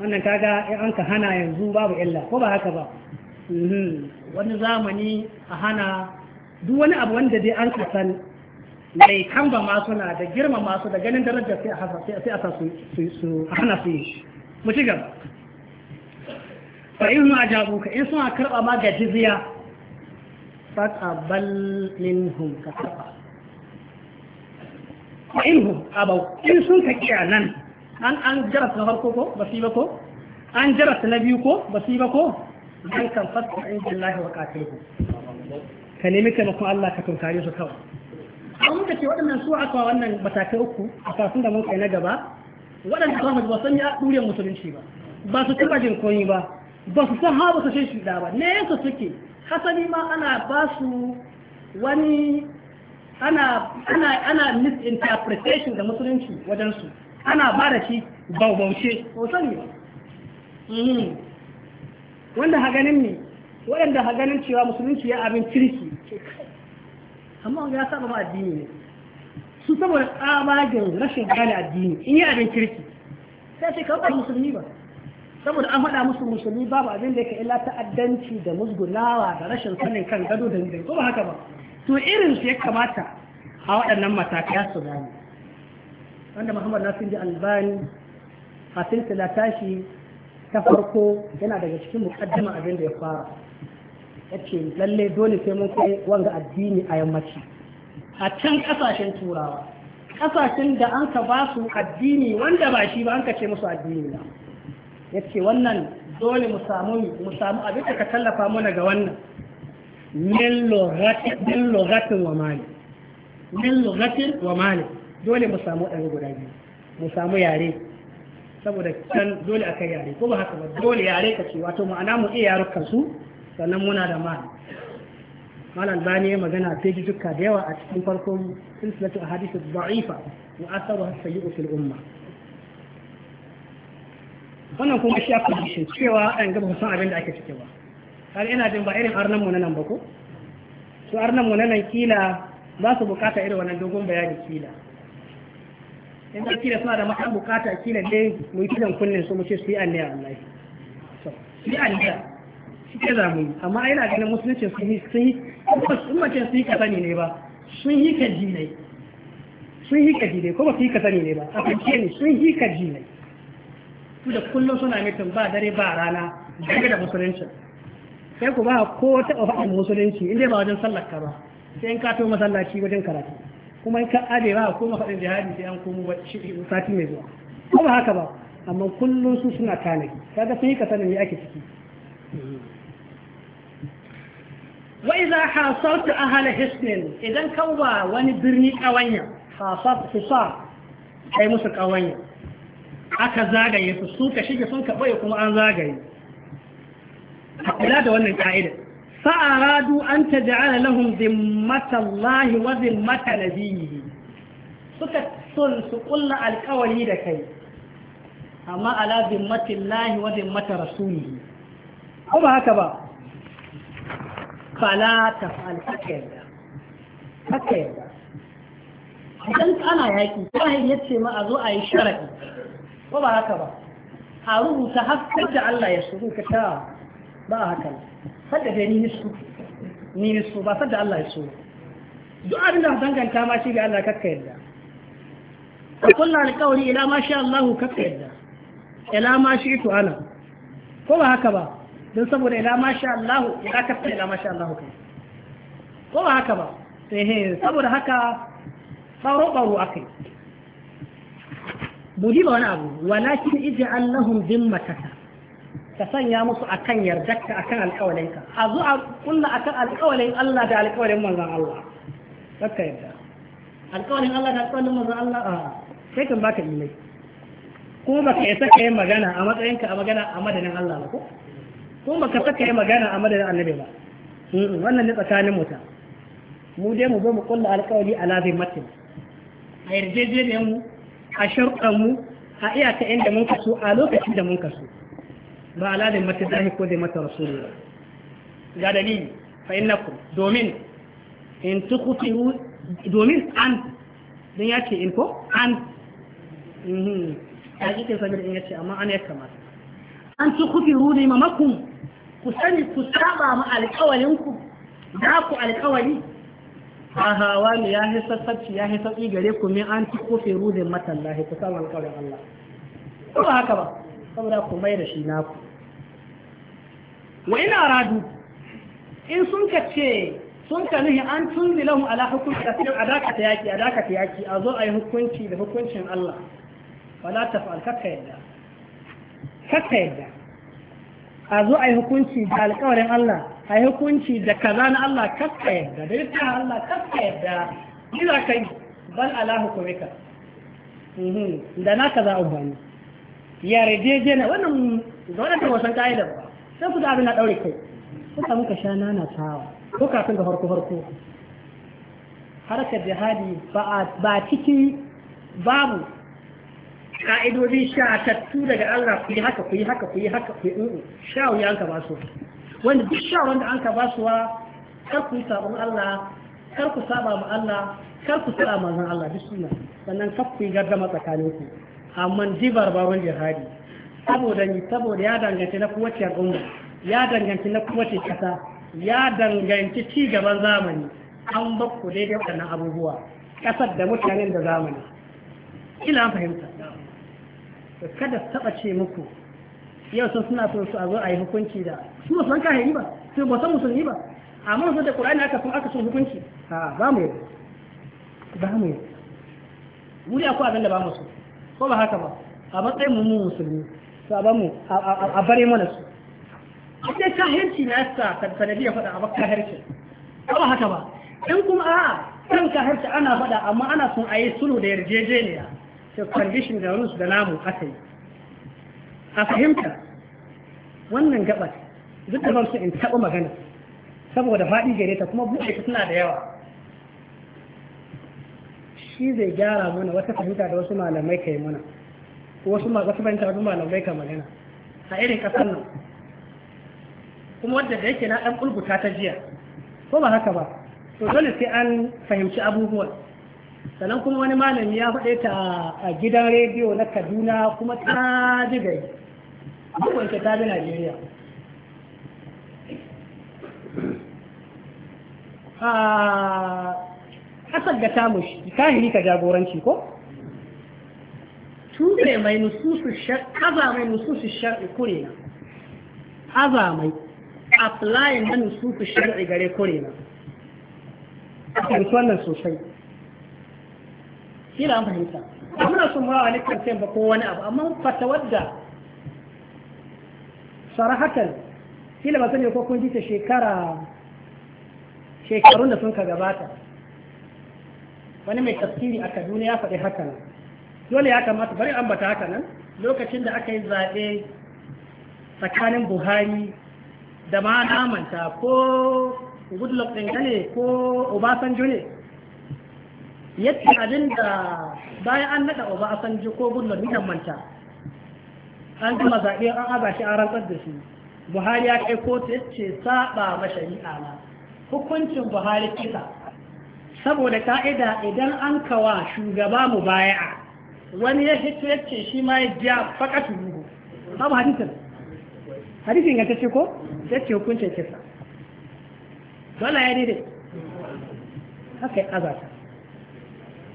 wannan kaga in an ka hana yanzu babu illa ko ba haka ba mhm. wani zamani a hana duk wani abu wanda dai an san mai kamba ma suna da girma masu da ganin darajar sai a sai a su hana su mu ci gaba fa in ma jabu ka in suna karba ma ga jizya faqabal minhum ka karɓa fa in hum abau in sun ka kiya nan an an jarat na farko ko ba su yi ba ko an jarat na biyu ko ba su yi ba ko an kan fasta in lahi wa qatilhu ka nemi taimakon Allah ka tunkare su kawai an muka ce waɗannan su aka wannan matakai uku a kafin da mun kai na gaba waɗanda kuma ba san ya ɗure musulunci ba ba su taba jin koyi ba ba su san hawa su shi da ba ne yanka suke hasali ma ana ba su wani ana ana ana misinterpretation da musulunci wajen su ana ba da shi baubaushe ko sani ba mhm. wanda haganin ne waɗanda haganin cewa musulunci ya abin kirki amma ya saba ma addini ne su saboda tsabagen rashin gane addini in yi abin kirki sai ce kawai musulmi ba saboda an faɗa musu musulmi babu abin da yake illa ta'addanci da musgunawa da rashin sanin kan gado da ko ba haka ba to irin su ya kamata a waɗannan matakai su gane wanda muhammad nasir ji albani a silsila tashi ta farko yana daga cikin mukaddama abin da ya fara ya ce lalle dole sai mun kai wanga addini a yammaci a can kasashen turawa kasashen da an ka ba su addini wanda ba shi ba an ka ce musu addini na ya ce wannan dole mu samu abin da ka tallafa mana ga wannan min lugatin wa mali min wa mali dole mu samu ɗari guda biyu mu samu yare saboda can dole aka yare ko ba haka ba dole yare ka ce wato ma'ana mu iya yarukan su sannan muna da ma malam bani ya magana ta ji duka da yawa a cikin farkon silsilatu ahadithu da'ifa wa asaru sayyi'u fil umma wannan kuma shi aka bishin cewa an gaba san abin da ake cike ba har ina jin ba irin arnan mu na nan ba ko to arnan mu na nan kila ba su bukata irin wannan dogon bayani kila in da kila suna da mahan bukata kila dai mu yi kilan kunnen su mu ce su yi anniya wallahi to su yi anniya su ke za mu yi amma ina ganin musulunci sun yi sun yi in mace sun yi kasani ne ba sun yi ka ji ne sun yi ka ji ne ko ba su yi kasani ne ba a kanke ne sun yi ka ji ne su da kullum suna mutum ba dare ba rana daga da musulunci sai ku ba ko taɓa faɗin musulunci in dai ba wajen sallar ka ba sai in ka to masallaci wajen karatu kuma in ka arewa ko mafaɗin jihadi sai an komo ba shi sati mai zuwa ko ba haka ba amma kullum su suna tanadi kaga sun yi ka sanin me ake ciki wa idza hasartu ahla hisnin idan ba wani birni kawanya hasar hisar kai musu kawanya aka zagaye su suka shige sun ka kuma an zagaye a kula da wannan ka'idar فأرادوا أن تجعل لهم ذمة الله وذمة نبيه سكت سن سقل القولي لكي أما على ذمة الله وذمة رسوله أما هكذا فلا تفعل أكيدا أكيدا أنا ana أنا ta أنا ce أنا a أنا a أنا sharaɗi أنا ba أنا ba أنا rubuta أنا da sadda dai ni nisu ni nisu ba sadda Allah ya so duk abin da danganta ma shi ga Allah kakka yadda a kulla alƙawari ila ma sha Allah kakka yadda ila ma shi to ana ko ba haka ba don saboda ila ma sha Allah ila kakka ila ma sha Allah kai ko ba haka ba eh saboda haka tsaro tsaro akai buji ba wani abu walakin ija'al lahum dhimmataka ka sanya musu kan yardarka akan alƙawalinka a zo a kulla kan alƙawalin Allah da alƙawalin manzan Allah kakka yadda alƙawalin Allah da alƙawalin manzan Allah a sai kan baka imai kuma baka isa ka yi magana a matsayinka a magana a madadin Allah ba ko kuma baka saka yi magana a madadin annabi ba wannan ne tsakanin mutum mu dai mu zo mu kulla alƙawari a lazim matin a yarjejeniyar mu a sharɗan mu a iyaka inda mun kaso a lokacin da mun kaso ba ala da mata zahi ko zai mata rasulu ba ga dalili fa innakum domin in tukhfiru domin an din ya ce in ko an mhm, a cikin sabir in ya ce amma an ya kamata an tukhfiru ne mamakun ku sani ku saba ma alkawalinku za ku alƙawali a hawa ne ya fi sassabci ya fi sauƙi gare ku mai an ci kofe rudin matallahi ku saba alƙawarin Allah. Ko ba haka ba, saboda ku mai da shi naku wa ina radu in sun ka ce sun ka nuhi an tun zilahu ala hukunci a cikin adakata yaki adakata yaki a zo a yi hukunci da hukuncin Allah wala fa'al kakka yadda kakka yadda a zo a yi hukunci da alƙawarin Allah a yi hukunci da kaza na Allah kakka yadda da yadda Allah kakka yadda ni za ka yi bal ala hukumika mhm. da na a ubani yarjejena wannan da wannan wasan ka'ida ba sai ku ga abin na daure kai ko ka muka sha nana tawa ko kafin ga farko farko harkar jihadi ba a ciki babu ka'idodi sha tattu daga Allah ku yi haka ku yi haka ku yi haka ku yi shawo ya anka basu wanda duk shawaran da anka basuwa kar ku yi sabon Allah kar ku saba ma Allah kar ku saba zan Allah duk suna sannan kar ku yi gardama tsakanin ku amma jibar babun jihadi saboda ni saboda ya danganci na kowace al'umma ya danganci na kowace kasa ya danganci ci gaban zamani an ba ku daidai waɗannan abubuwa ƙasar da mutanen da zamani ina an fahimta kada su taɓa ce muku yau sun suna so su a zo a yi hukunci da su ba san kahiri ba su ba san musulmi ba amma su da ƙur'ani aka sun aka sun hukunci a ba mu yi ba mu yi. mu da akwai abin da ba mu so ko ba haka ba a matsayin mu mu musulmi sabon mu a bare mana su ake kahirci na yasa sanadiyar faɗa a baka kahirci ko ba haka ba in kuma a kan kahirci ana faɗa amma ana son a yi sulhu da yarjejeniya to condition da rus da namu aka yi a fahimta wannan gabar duk da ban su in taɓa magana saboda faɗi gare ta kuma buɗe ta suna da yawa shi zai gyara mana wata fahimta da wasu malamai kai mana wasu wasu fahimta da malamai ka magana a irin kasar nan kuma wadda da yake na ɗan ƙulguta ta jiya ko ba haka ba to dole sai an fahimci abubuwan sannan kuma wani malami ya faɗe ta a gidan rediyo na kaduna kuma ta jigai gari abubuwan ta bi najeriya a ah, ƙasar ga tamu kahiri ka jagoranci ko tuɗe mai nususu shar aza mai nususu shar'i kure na aza mai apply na nususu shar'i gare kure na a wannan sosai kila an fahimta muna sun mawa ne kan ba ko wani abu amma fata wadda sarahatan kila ba sani ko kun ji ta shekara shekarun da sun ka gabata wani mai tafsiri a Kaduna ya faɗi haka nan dole ya kamata bari ambata haka nan lokacin da aka yi zaɓe tsakanin Buhari da ma namanta ko Goodluck ɗin ne ko Obasanjo ne yadda abin da bayan an naɗa Obasanjo ko Goodluck ni manta an gama zaɓe an aza shi an rantsar da shi Buhari ya kai kotu ce saɓa ma shari'a na hukuncin Buhari kisa saboda ka'ida idan an kawa shugaba mu baya wani ya hito ya ce shi ma ya biya fakatu ruhu babu hadisin hadisin ga ce ko ya ce hukuncin kisa wala ya dide haka ya azata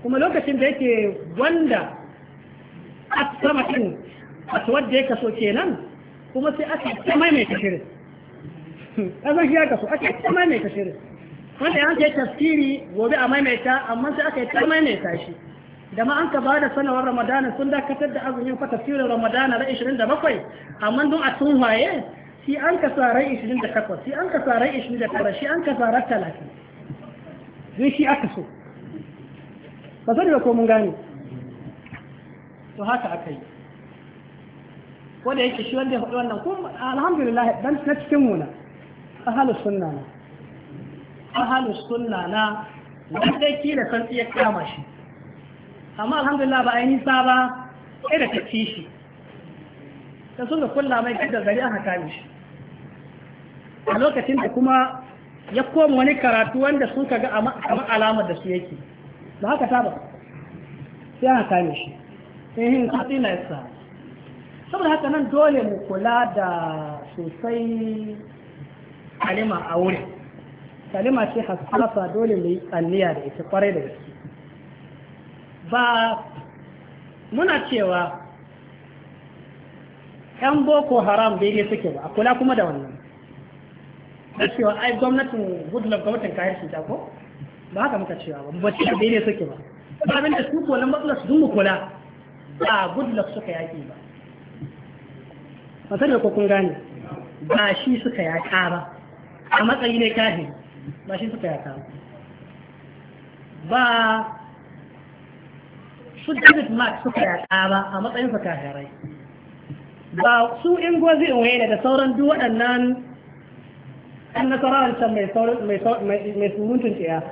kuma lokacin da yake wanda a sama ɗin a wadda ya kaso kenan kuma sai aka ta maimaita shirin ƙasar shi ya kaso aka ta maimaita shirin wanda yanka yi tafsiri gobe a maimaita amma sai aka yi ta maimaita shi da ma an ka ba da sanawar ramadana sun dakatar da azumin fa tafsirin ramadana na 27 amma don a tun waye shi an ka sa rai 28 shi an ka sa rai 29 shi an ka sa rai 30 duk shi aka so ba sani ba ko mun gane to haka aka yi ko da yake shi wanda ya faɗi wannan kuma alhamdulillah dan na cikin muna ahalus sunna ne ahalus sunna na wanda kila san iya kama shi amma alhamdulillah ba a yi nisa ba sai da ta ci shi ta sun ga kulla mai da gari an kame shi a lokacin da kuma ya koma wani karatu wanda sun ka ga kamar alamar da su yake ba haka ta ba sai an kame shi sai yin katsi na yasa saboda haka nan dole mu kula da sosai alima a wurin kalima ce hasasa dole mu yi tsalliya da ita kwarai da gaske ba muna cewa yan boko haram daidai suke ba a kula kuma da wannan na cewa ai gwamnatin goodluck gwamnatin kayan cuta ko ba haka muka cewa ba ba cewa daidai suke ba abin da su kolan matsalar su dumu kula ba goodluck suka yaƙi ba ba sani ko kun gane ba shi suka yaƙa ba a matsayi ne kafin ba shi suka yaka ba su david mark suka yaka ba a matsayin su kafirai ba su in gozi in waye da sauran duk waɗannan an nasarar can mai suruntun tsaya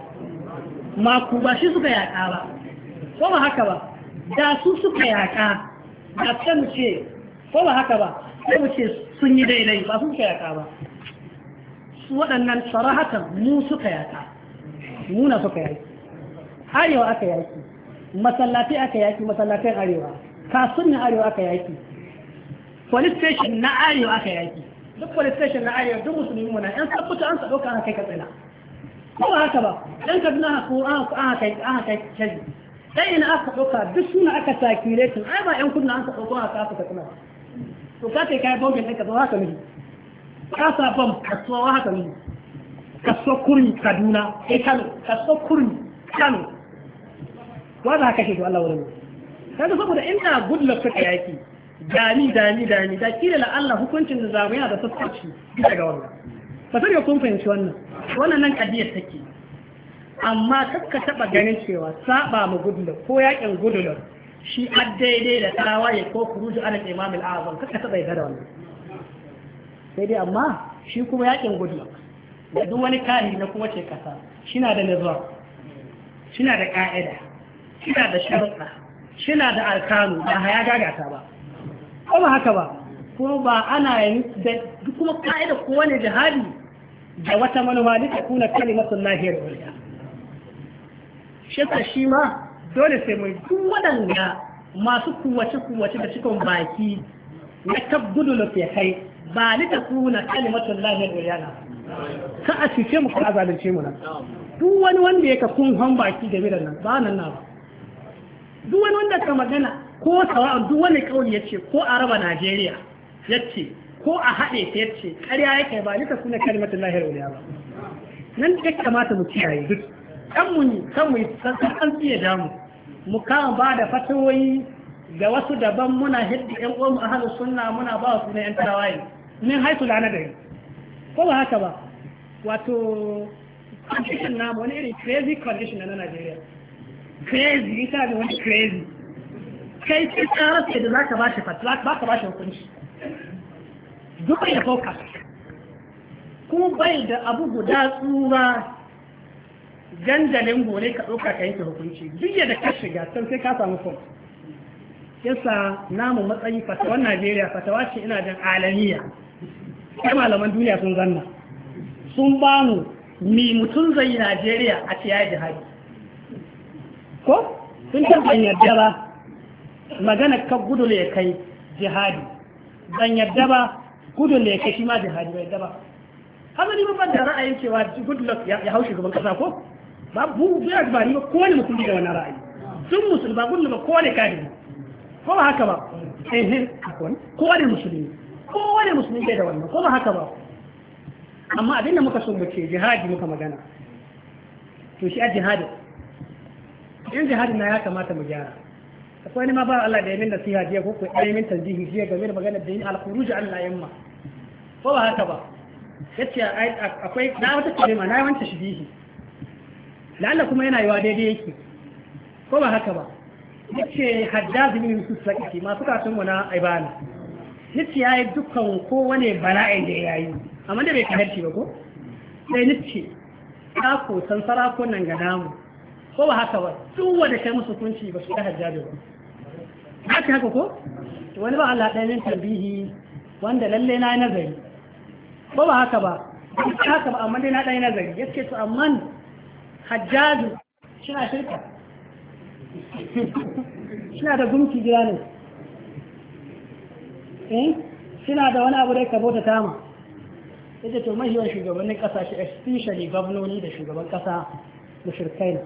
maku ba shi suka yaƙa ba ko ba haka ba da su suka yaƙa da can ce ko ba haka ba sai mu sun yi daidai ba sun suka yaƙa ba su waɗannan sarahatan mu suka yaka muna suka yaƙi, arewa aka yaƙi, masallatai aka yaƙi, masallatai arewa kasunan arewa aka yaƙi, police station na arewa aka yaƙi, duk police station na arewa duk musulmi muna yan sabbuta an saɗo ɗauka an kai katsina ko ba haka ba ɗan kaduna aka aka kai aka kai ɗan dan ina aka ɗauka duk suna aka sakiretin ai ba yan kudin an ka ɗauko aka aka katsina to ka kai kai bombin ɗin ka zo haka miji kasa ban wa haka ne kaso kurmi kaduna e kano kaso kurmi kano wanda haka shi Allah wurin kaga saboda ina good luck ka yaki dani dani dani da kila la Allah hukuncin da zamu yana da sassaci bisa ga wannan ba sai kun fahimci wannan wannan nan kadiyar take amma kaka taba ganin cewa saba mu good luck ko yakin good luck shi a dai da tawaye ko kuruju ana imamul azam kaka taba yarda da wannan sai dai amma shi kuma yakin gudu da duk wani kahi na kuma ce kasa shina da nazar shina da ka'ida shina da sharuɗa shina da alkanu ba haya gagata ba kuma haka ba kuma ba ana yin da kuma ka'ida kowane jihadi da wata ne duka kuna kalimatun lahiyar uliya shi shi ma dole sai mai duk waɗanda masu kuwace kuwace da cikin baki na tabbudu da kai ba ni ta kuna kalimatun lahiyar wuyana ka a cuce mu ka a zalunce mu nan duk wani wanda ka kun han baki da da nan ba nan na ba duk wani wanda ka magana ko sawa'an duk wani kauli ce, ko a raba Najeriya ce, ko a haɗe ta ce, ƙarya kai ba ni ta kuna kalimatun lahiyar wuyana ba nan da kamata mu kiyaye duk kan mu kan mu san tsiye da mu mu kama ba da fatawoyi da wasu daban muna hidda yan uwan mu ahlus sunna muna ba su ne yan tawaye min haisu na dare, ko ba haka ba wato condition na wani irin crazy condition na Najeriya crazy ita da wani crazy kai ce tsara sai da zaka bashi fatwa baka bashi hukunci duk ya focus kuma bai da abu guda tsura dandalin gore ka ɗauka ka yanke hukunci duk yadda ka shiga can sai ka samu fom yasa namu matsayi fatawan najeriya fatawa ce ina jan alamiya sai malaman duniya sun zanna sun ba mu mi mutum zai yi najeriya a ce ya yi jihadi ko sun ce ban yarda ba magana ka gudu ya kai jihadi ban yadda ba gudu ya kai shi ma jihadi bai yarda ba haka ni babban da ra'ayin cewa good luck ya hau shugaban kasa ko ba bu ya ba ni ba kowane mutum da wani ra'ayi sun musulma gudu ba kowane kadi ko ba haka ba eh ko kowane musulmi kowane musulmi bai da wannan ko ba haka ba amma abin da muka so mu ce jihadi muka magana to shi a jihadi in jihadi na ya kamata mu gyara akwai ni ma ba Allah da yamin nasiha jiya ko kuma yamin tanzihi jiya game da magana da yin al-khuruj an la yamma ko ba haka ba yace akwai na wata ma na wanta shibihi lalla kuma yana yawa daidai yake ko ba haka ba yace haddaz bin yusuf sakati masu kasan mu na ibana nufi ya yi dukkan kowane bala'in da ya yi amma da bai kaharci ba ko sai nufi ta ko san nan ga namu ko ba haka ba duk wanda kai musu kunci ba su kaha hajjabi ba haka haka ko wani ba Allah ɗaya min tambihi wanda lalle na nazari ko ba haka ba haka ba amma dai na ɗaya nazari ya ce to amma hajjaju na shirka shina da gumki gida ne Eh, suna da wani abu da ka bauta tama ita to mai yawan shugabannin kasashe especially gwamnoni da shugaban kasa shirkai ne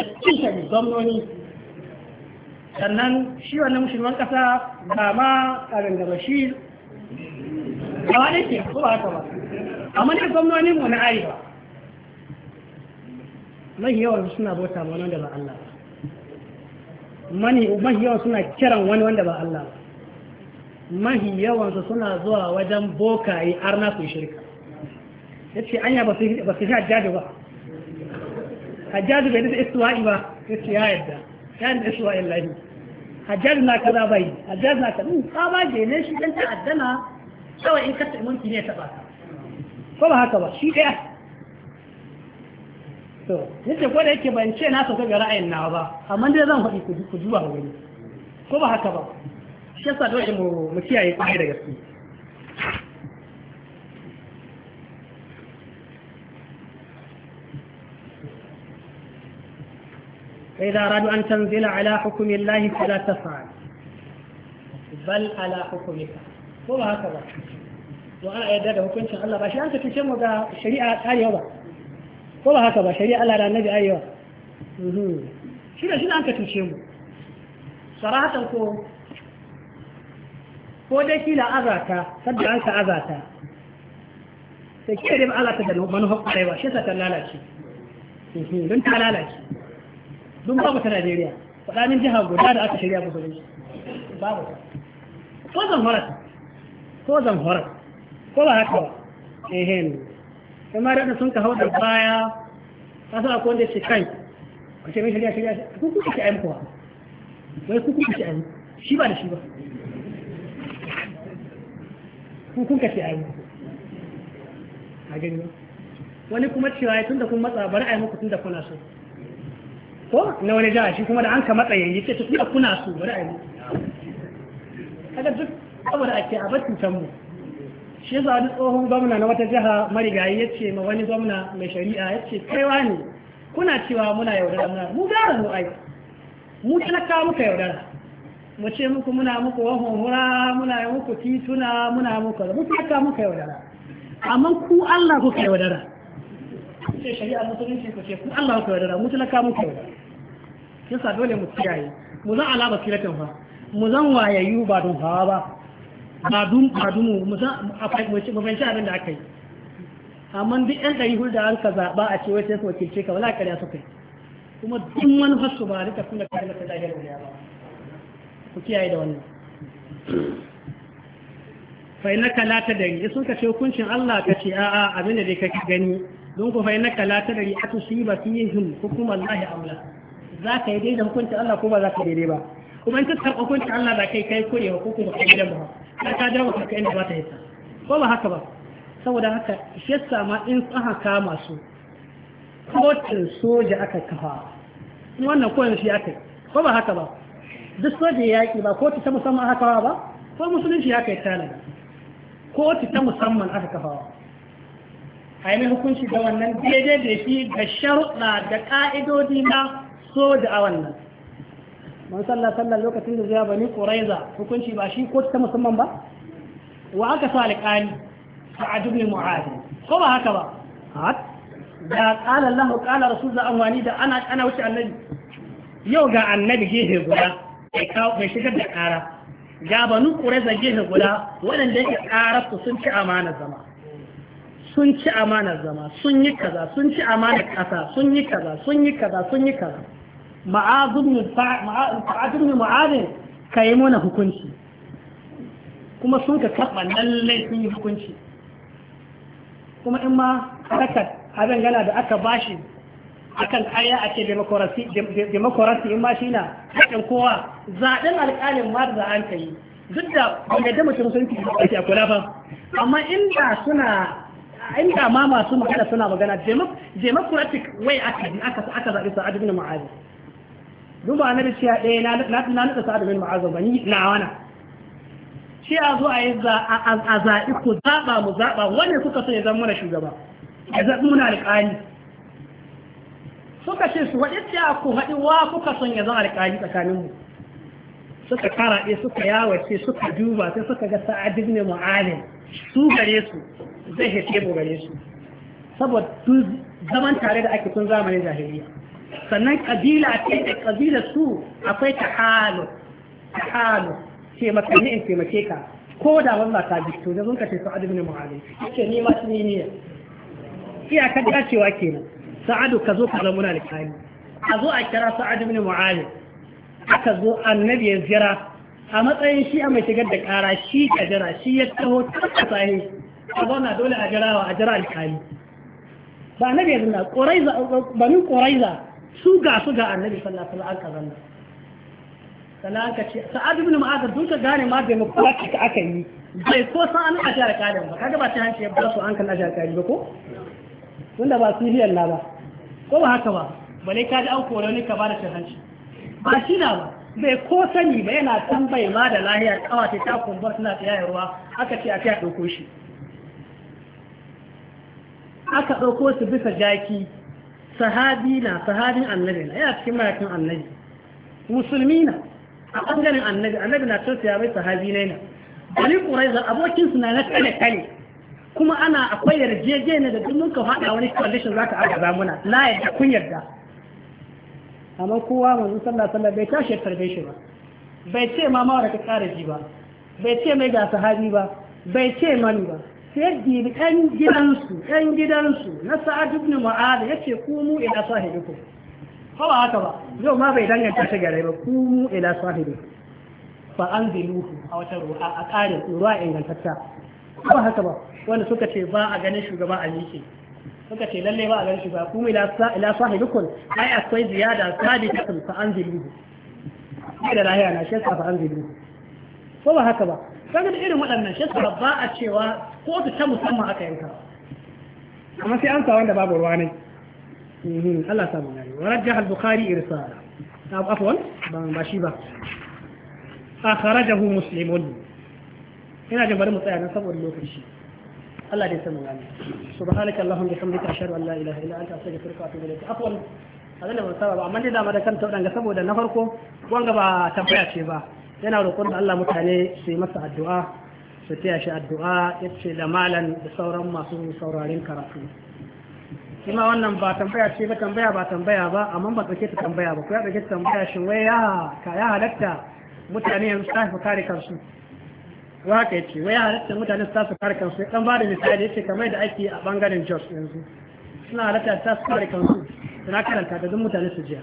especially gwamnoni sannan shi wannan mushrikan kasa ba ma karin gaba shi a wani ke ko ba haka ba amma ne gwamnonin mu na arewa mai suna bauta ma da ba Allah mani mahi yawan suna kiran wani wanda ba Allah mahi yawan su suna zuwa wajen bokaye arna su shirka ce anya ba su ba su ba hajjaji bai nisa istiwa'i ba ce ya yadda ya da istiwa'i lahi hajjaji na kaza bai hajjaji na kaza ba ba je ne shi dan ta'addana kawai in ka tsaye ne ta ba ko ba haka ba shi ɗaya. to nake ko da yake ban ce na sauka ga ra'ayin nawa ba amma dai zan faɗi ku zuwa ga wani ko ba haka ba shi yasa dole mu mu kiyaye kwaye da gaske فإذا أرادوا أن تنزل على حكم الله فلا تفعل بل على حكمك هو هكذا وأنا أداد حكم شاء الله باشي أنت تشمه شريعة هاي يوضع ko ba haka ba shari'a Allah da annabi ayyawa shi mhm. da shi an ka tuce mu sarahatan ko ko dai kila azata sabbi an ka azata sai da Allah ta da manufar kwarewa shi ta lalace mhm, don ta lalace don babu ta Najeriya faɗanin jiha guda da aka shirya musulunci babu ta ko zan horar ko zan horar ko ba haka ba ehem amma da sun ka hau da baya ta sa akwai wanda ce kai a ce mai shari'a shari'a ku kuka ce ayi kuwa wai ku kuka ce ayi shi ba da shi ba ku kuka ce ayi a gani wani kuma cewa ya tun da kun matsa bari ayi muku tun da kuna so ko na wani jiha shi kuma da an ka matsa yayi ce tun da kuna so bari yi muku kaga duk saboda ake a bar cutar mu shi yasa duk tsohon gwamna na wata jiha marigayi ya ce ma wani gwamna mai shari'a ya ce kaiwa ne kuna cewa muna yaudara muna mu gara mu ai mu talaka muka yaudara mu ce muku muna muku wahon hura muna yi muku tituna muna muku mu talaka muka yaudara amma ku Allah kuka yaudara ce shari'a musulunci ku ce ku Allah ku yaudara mu talaka muka yaudara yasa dole mu kiyaye mu zan alaba kilatan fa mu zan wayayyu ba don hawa ba ba dum ba dumu mu fahimci abin da aka yi amma duk yan ɗari hulɗa an ka zaɓa a ce wai sai su wakilce ka wala ƙarya su kai kuma duk manufar su ba duka sun da kai masa zahir da ba ku kiyaye da wannan fa innaka la tadri yaso ka ce hukuncin Allah ka ce a'a abin da dai kake gani don ku fai na fa innaka la tadri atusiba fihim hukuma Allah amla za ka yi daidai hukuncin Allah ko ba za ka daidai ba kuma in ka karɓa hukuncin Allah da kai kai kure ko kuma kai gidan ba ka ka dawo ka inda ba ta hita ko ba haka ba saboda haka shi yasa ma in aka kama su kotun soja aka kafa wannan koyon shi aka yi, ko ba haka ba duk soja ya yaƙi ba kotu ta musamman aka kafa ba ko musulunci aka yi tanada kotu ta musamman aka kafawa a yi hukunci da wannan daidai da shi ga sharuɗa da ƙa'idodi na soja a wannan man sallah sallah lokacin da zai bani quraiza hukunci ba shi ko ta musamman ba wa aka sa alƙali sa'ad ibn mu'adh ko ba haka ba da qala Allah qala rasul za anwani da ana ana wuce annabi yau ga annabi gehe guda mai shigar da ƙara ga bani quraiza gehe guda waɗanda yake ƙara su sun ci amana zama sun ci amana zama sun yi kaza sun ci amana ƙasa sun yi kaza sun yi kaza sun yi kaza ma'azin ma'azin ka yi mana hukunci kuma sun ka karɓa lallai sun yi hukunci kuma in ma harkar abin gana da aka bashi akan kaya a ce in ma shi na haƙin kowa zaɗin alƙalin ma da an ka yi duk da yadda mutum sun fi a kula amma inda suna inda ma masu magana suna magana democratic way aka aka aka zaɓi sa'adu bin ma'azi duba eh, na da cewa ɗaya na nada sa'ad bin ma'azan bani na wana shi a zo a yi a zaɓi ku zaɓa mu zaɓa wanda kuka so ya zama mana shugaba ya zaɓi muna alƙali suka ce su waɗin cewa ku haɗi wa kuka son ya zama alƙali tsakanin mu suka karaɗe suka yawace suka duba sai suka ga sa'ad bin mu'azan su gare su zai hece mu gare su saboda zaman tare da ake tun zamanin jahiliya sannan kabila ce da kabila su akwai ta halu ce maka in taimake ka ko da wannan ta ji to da mun kace sa'ad ibn mu'adh yake ni ma shi ne iya ka da cewa kenan sa'adu ka zo ka zama muna alƙali a zo a kira sa'ad ibn mu'adh aka zo annabi ya jira a matsayin shi a mai shigar da kara shi ka jira shi ya taho ta sahi a zauna dole a jira wa a jira alƙali ba annabi ya zina ba min ƙoraiza su ga su ga annabi sallallahu alaihi wasallam kazan salaka ce sa'ad ibn mu'adh duk ka gane ma da mubarak ka aka yi bai ko san an ajar kare ba kaga ba ta hanci ya ba su an kan ajar kalin ba ko tunda ba sihiyar na ba ko ba haka ba bale ka ji an kore ne ka ba da hanci ba shi na ba bai ko sani ba yana tambaye ma da lahiya kawata ta kumbar suna tsaye ruwa aka ce a kai a ɗauko shi aka ɗauko su bisa jaki sahabi na sahabin annabi na yana cikin mayakan annabi musulmi na a ɓangaren annabi annabi na tausaya bai sahabi na na Ali Quraiza abokin su na na kale kuma ana akwai yarjejeniya da duk ka faɗa wani condition ka aka zamuna na yadda kun yarda amma kowa manzo sallah sallah bai tashi ya tarbe shi ba bai ce ma da ka ƙara ji ba bai ce mai ga sahabi ba bai ce mani ba sai ɗan gidansu ɗan gidansu na sa'ad ibn mu'ad ce kumu ila sahibiku ko ba haka ba yau ma bai danganta ta gare ba kumu ila sahibiku fa anziluhu a wata ruwa a ƙarin ruwa ingantatta ko haka ba wanda suka ce ba a ganin shugaba a yake suka ce lalle ba a ganin shugaba kumu ila sahibiku ai akwai ziyada sadiqatun fa anziluhu sai da lahiya na shi fa anziluhu ko ba haka ba kaga da irin waɗannan shi sa ba a cewa ko su ta musamman aka yanka amma sai an sa wanda babu ruwa ne mhm, Allah samu gani wa rajjah al-bukhari irsala afwan ba shi ba akhrajahu muslimun ina jin bari mu tsaya nan saboda lokaci Allah dai sanin gani subhanaka allahumma bihamdika ashhadu an la ilaha illa anta astaghfiruka wa atubu ilayk afwan a zan da ban ba amma dai dama da kanta waɗanda saboda na farko wanga ba tambaya ce ba yana roƙon da Allah mutane su yi masa addu'a su taya shi addu'a ya ce da malan da sauran masu saurarin karatu kuma wannan ba tambaya ce ba tambaya ba tambaya ba amma ba tsake ta tambaya ba ku ya tsake ta tambaya shin wai ya ka ya halatta mutane yanzu ta fi kare kansu wa haka ce, wai ya halatta mutane su ta fi kare kansu dan ba da misali yace kamar da ake a bangaren Jos yanzu suna halatta ta fi kare kansu suna karanta da duk mutane su jiya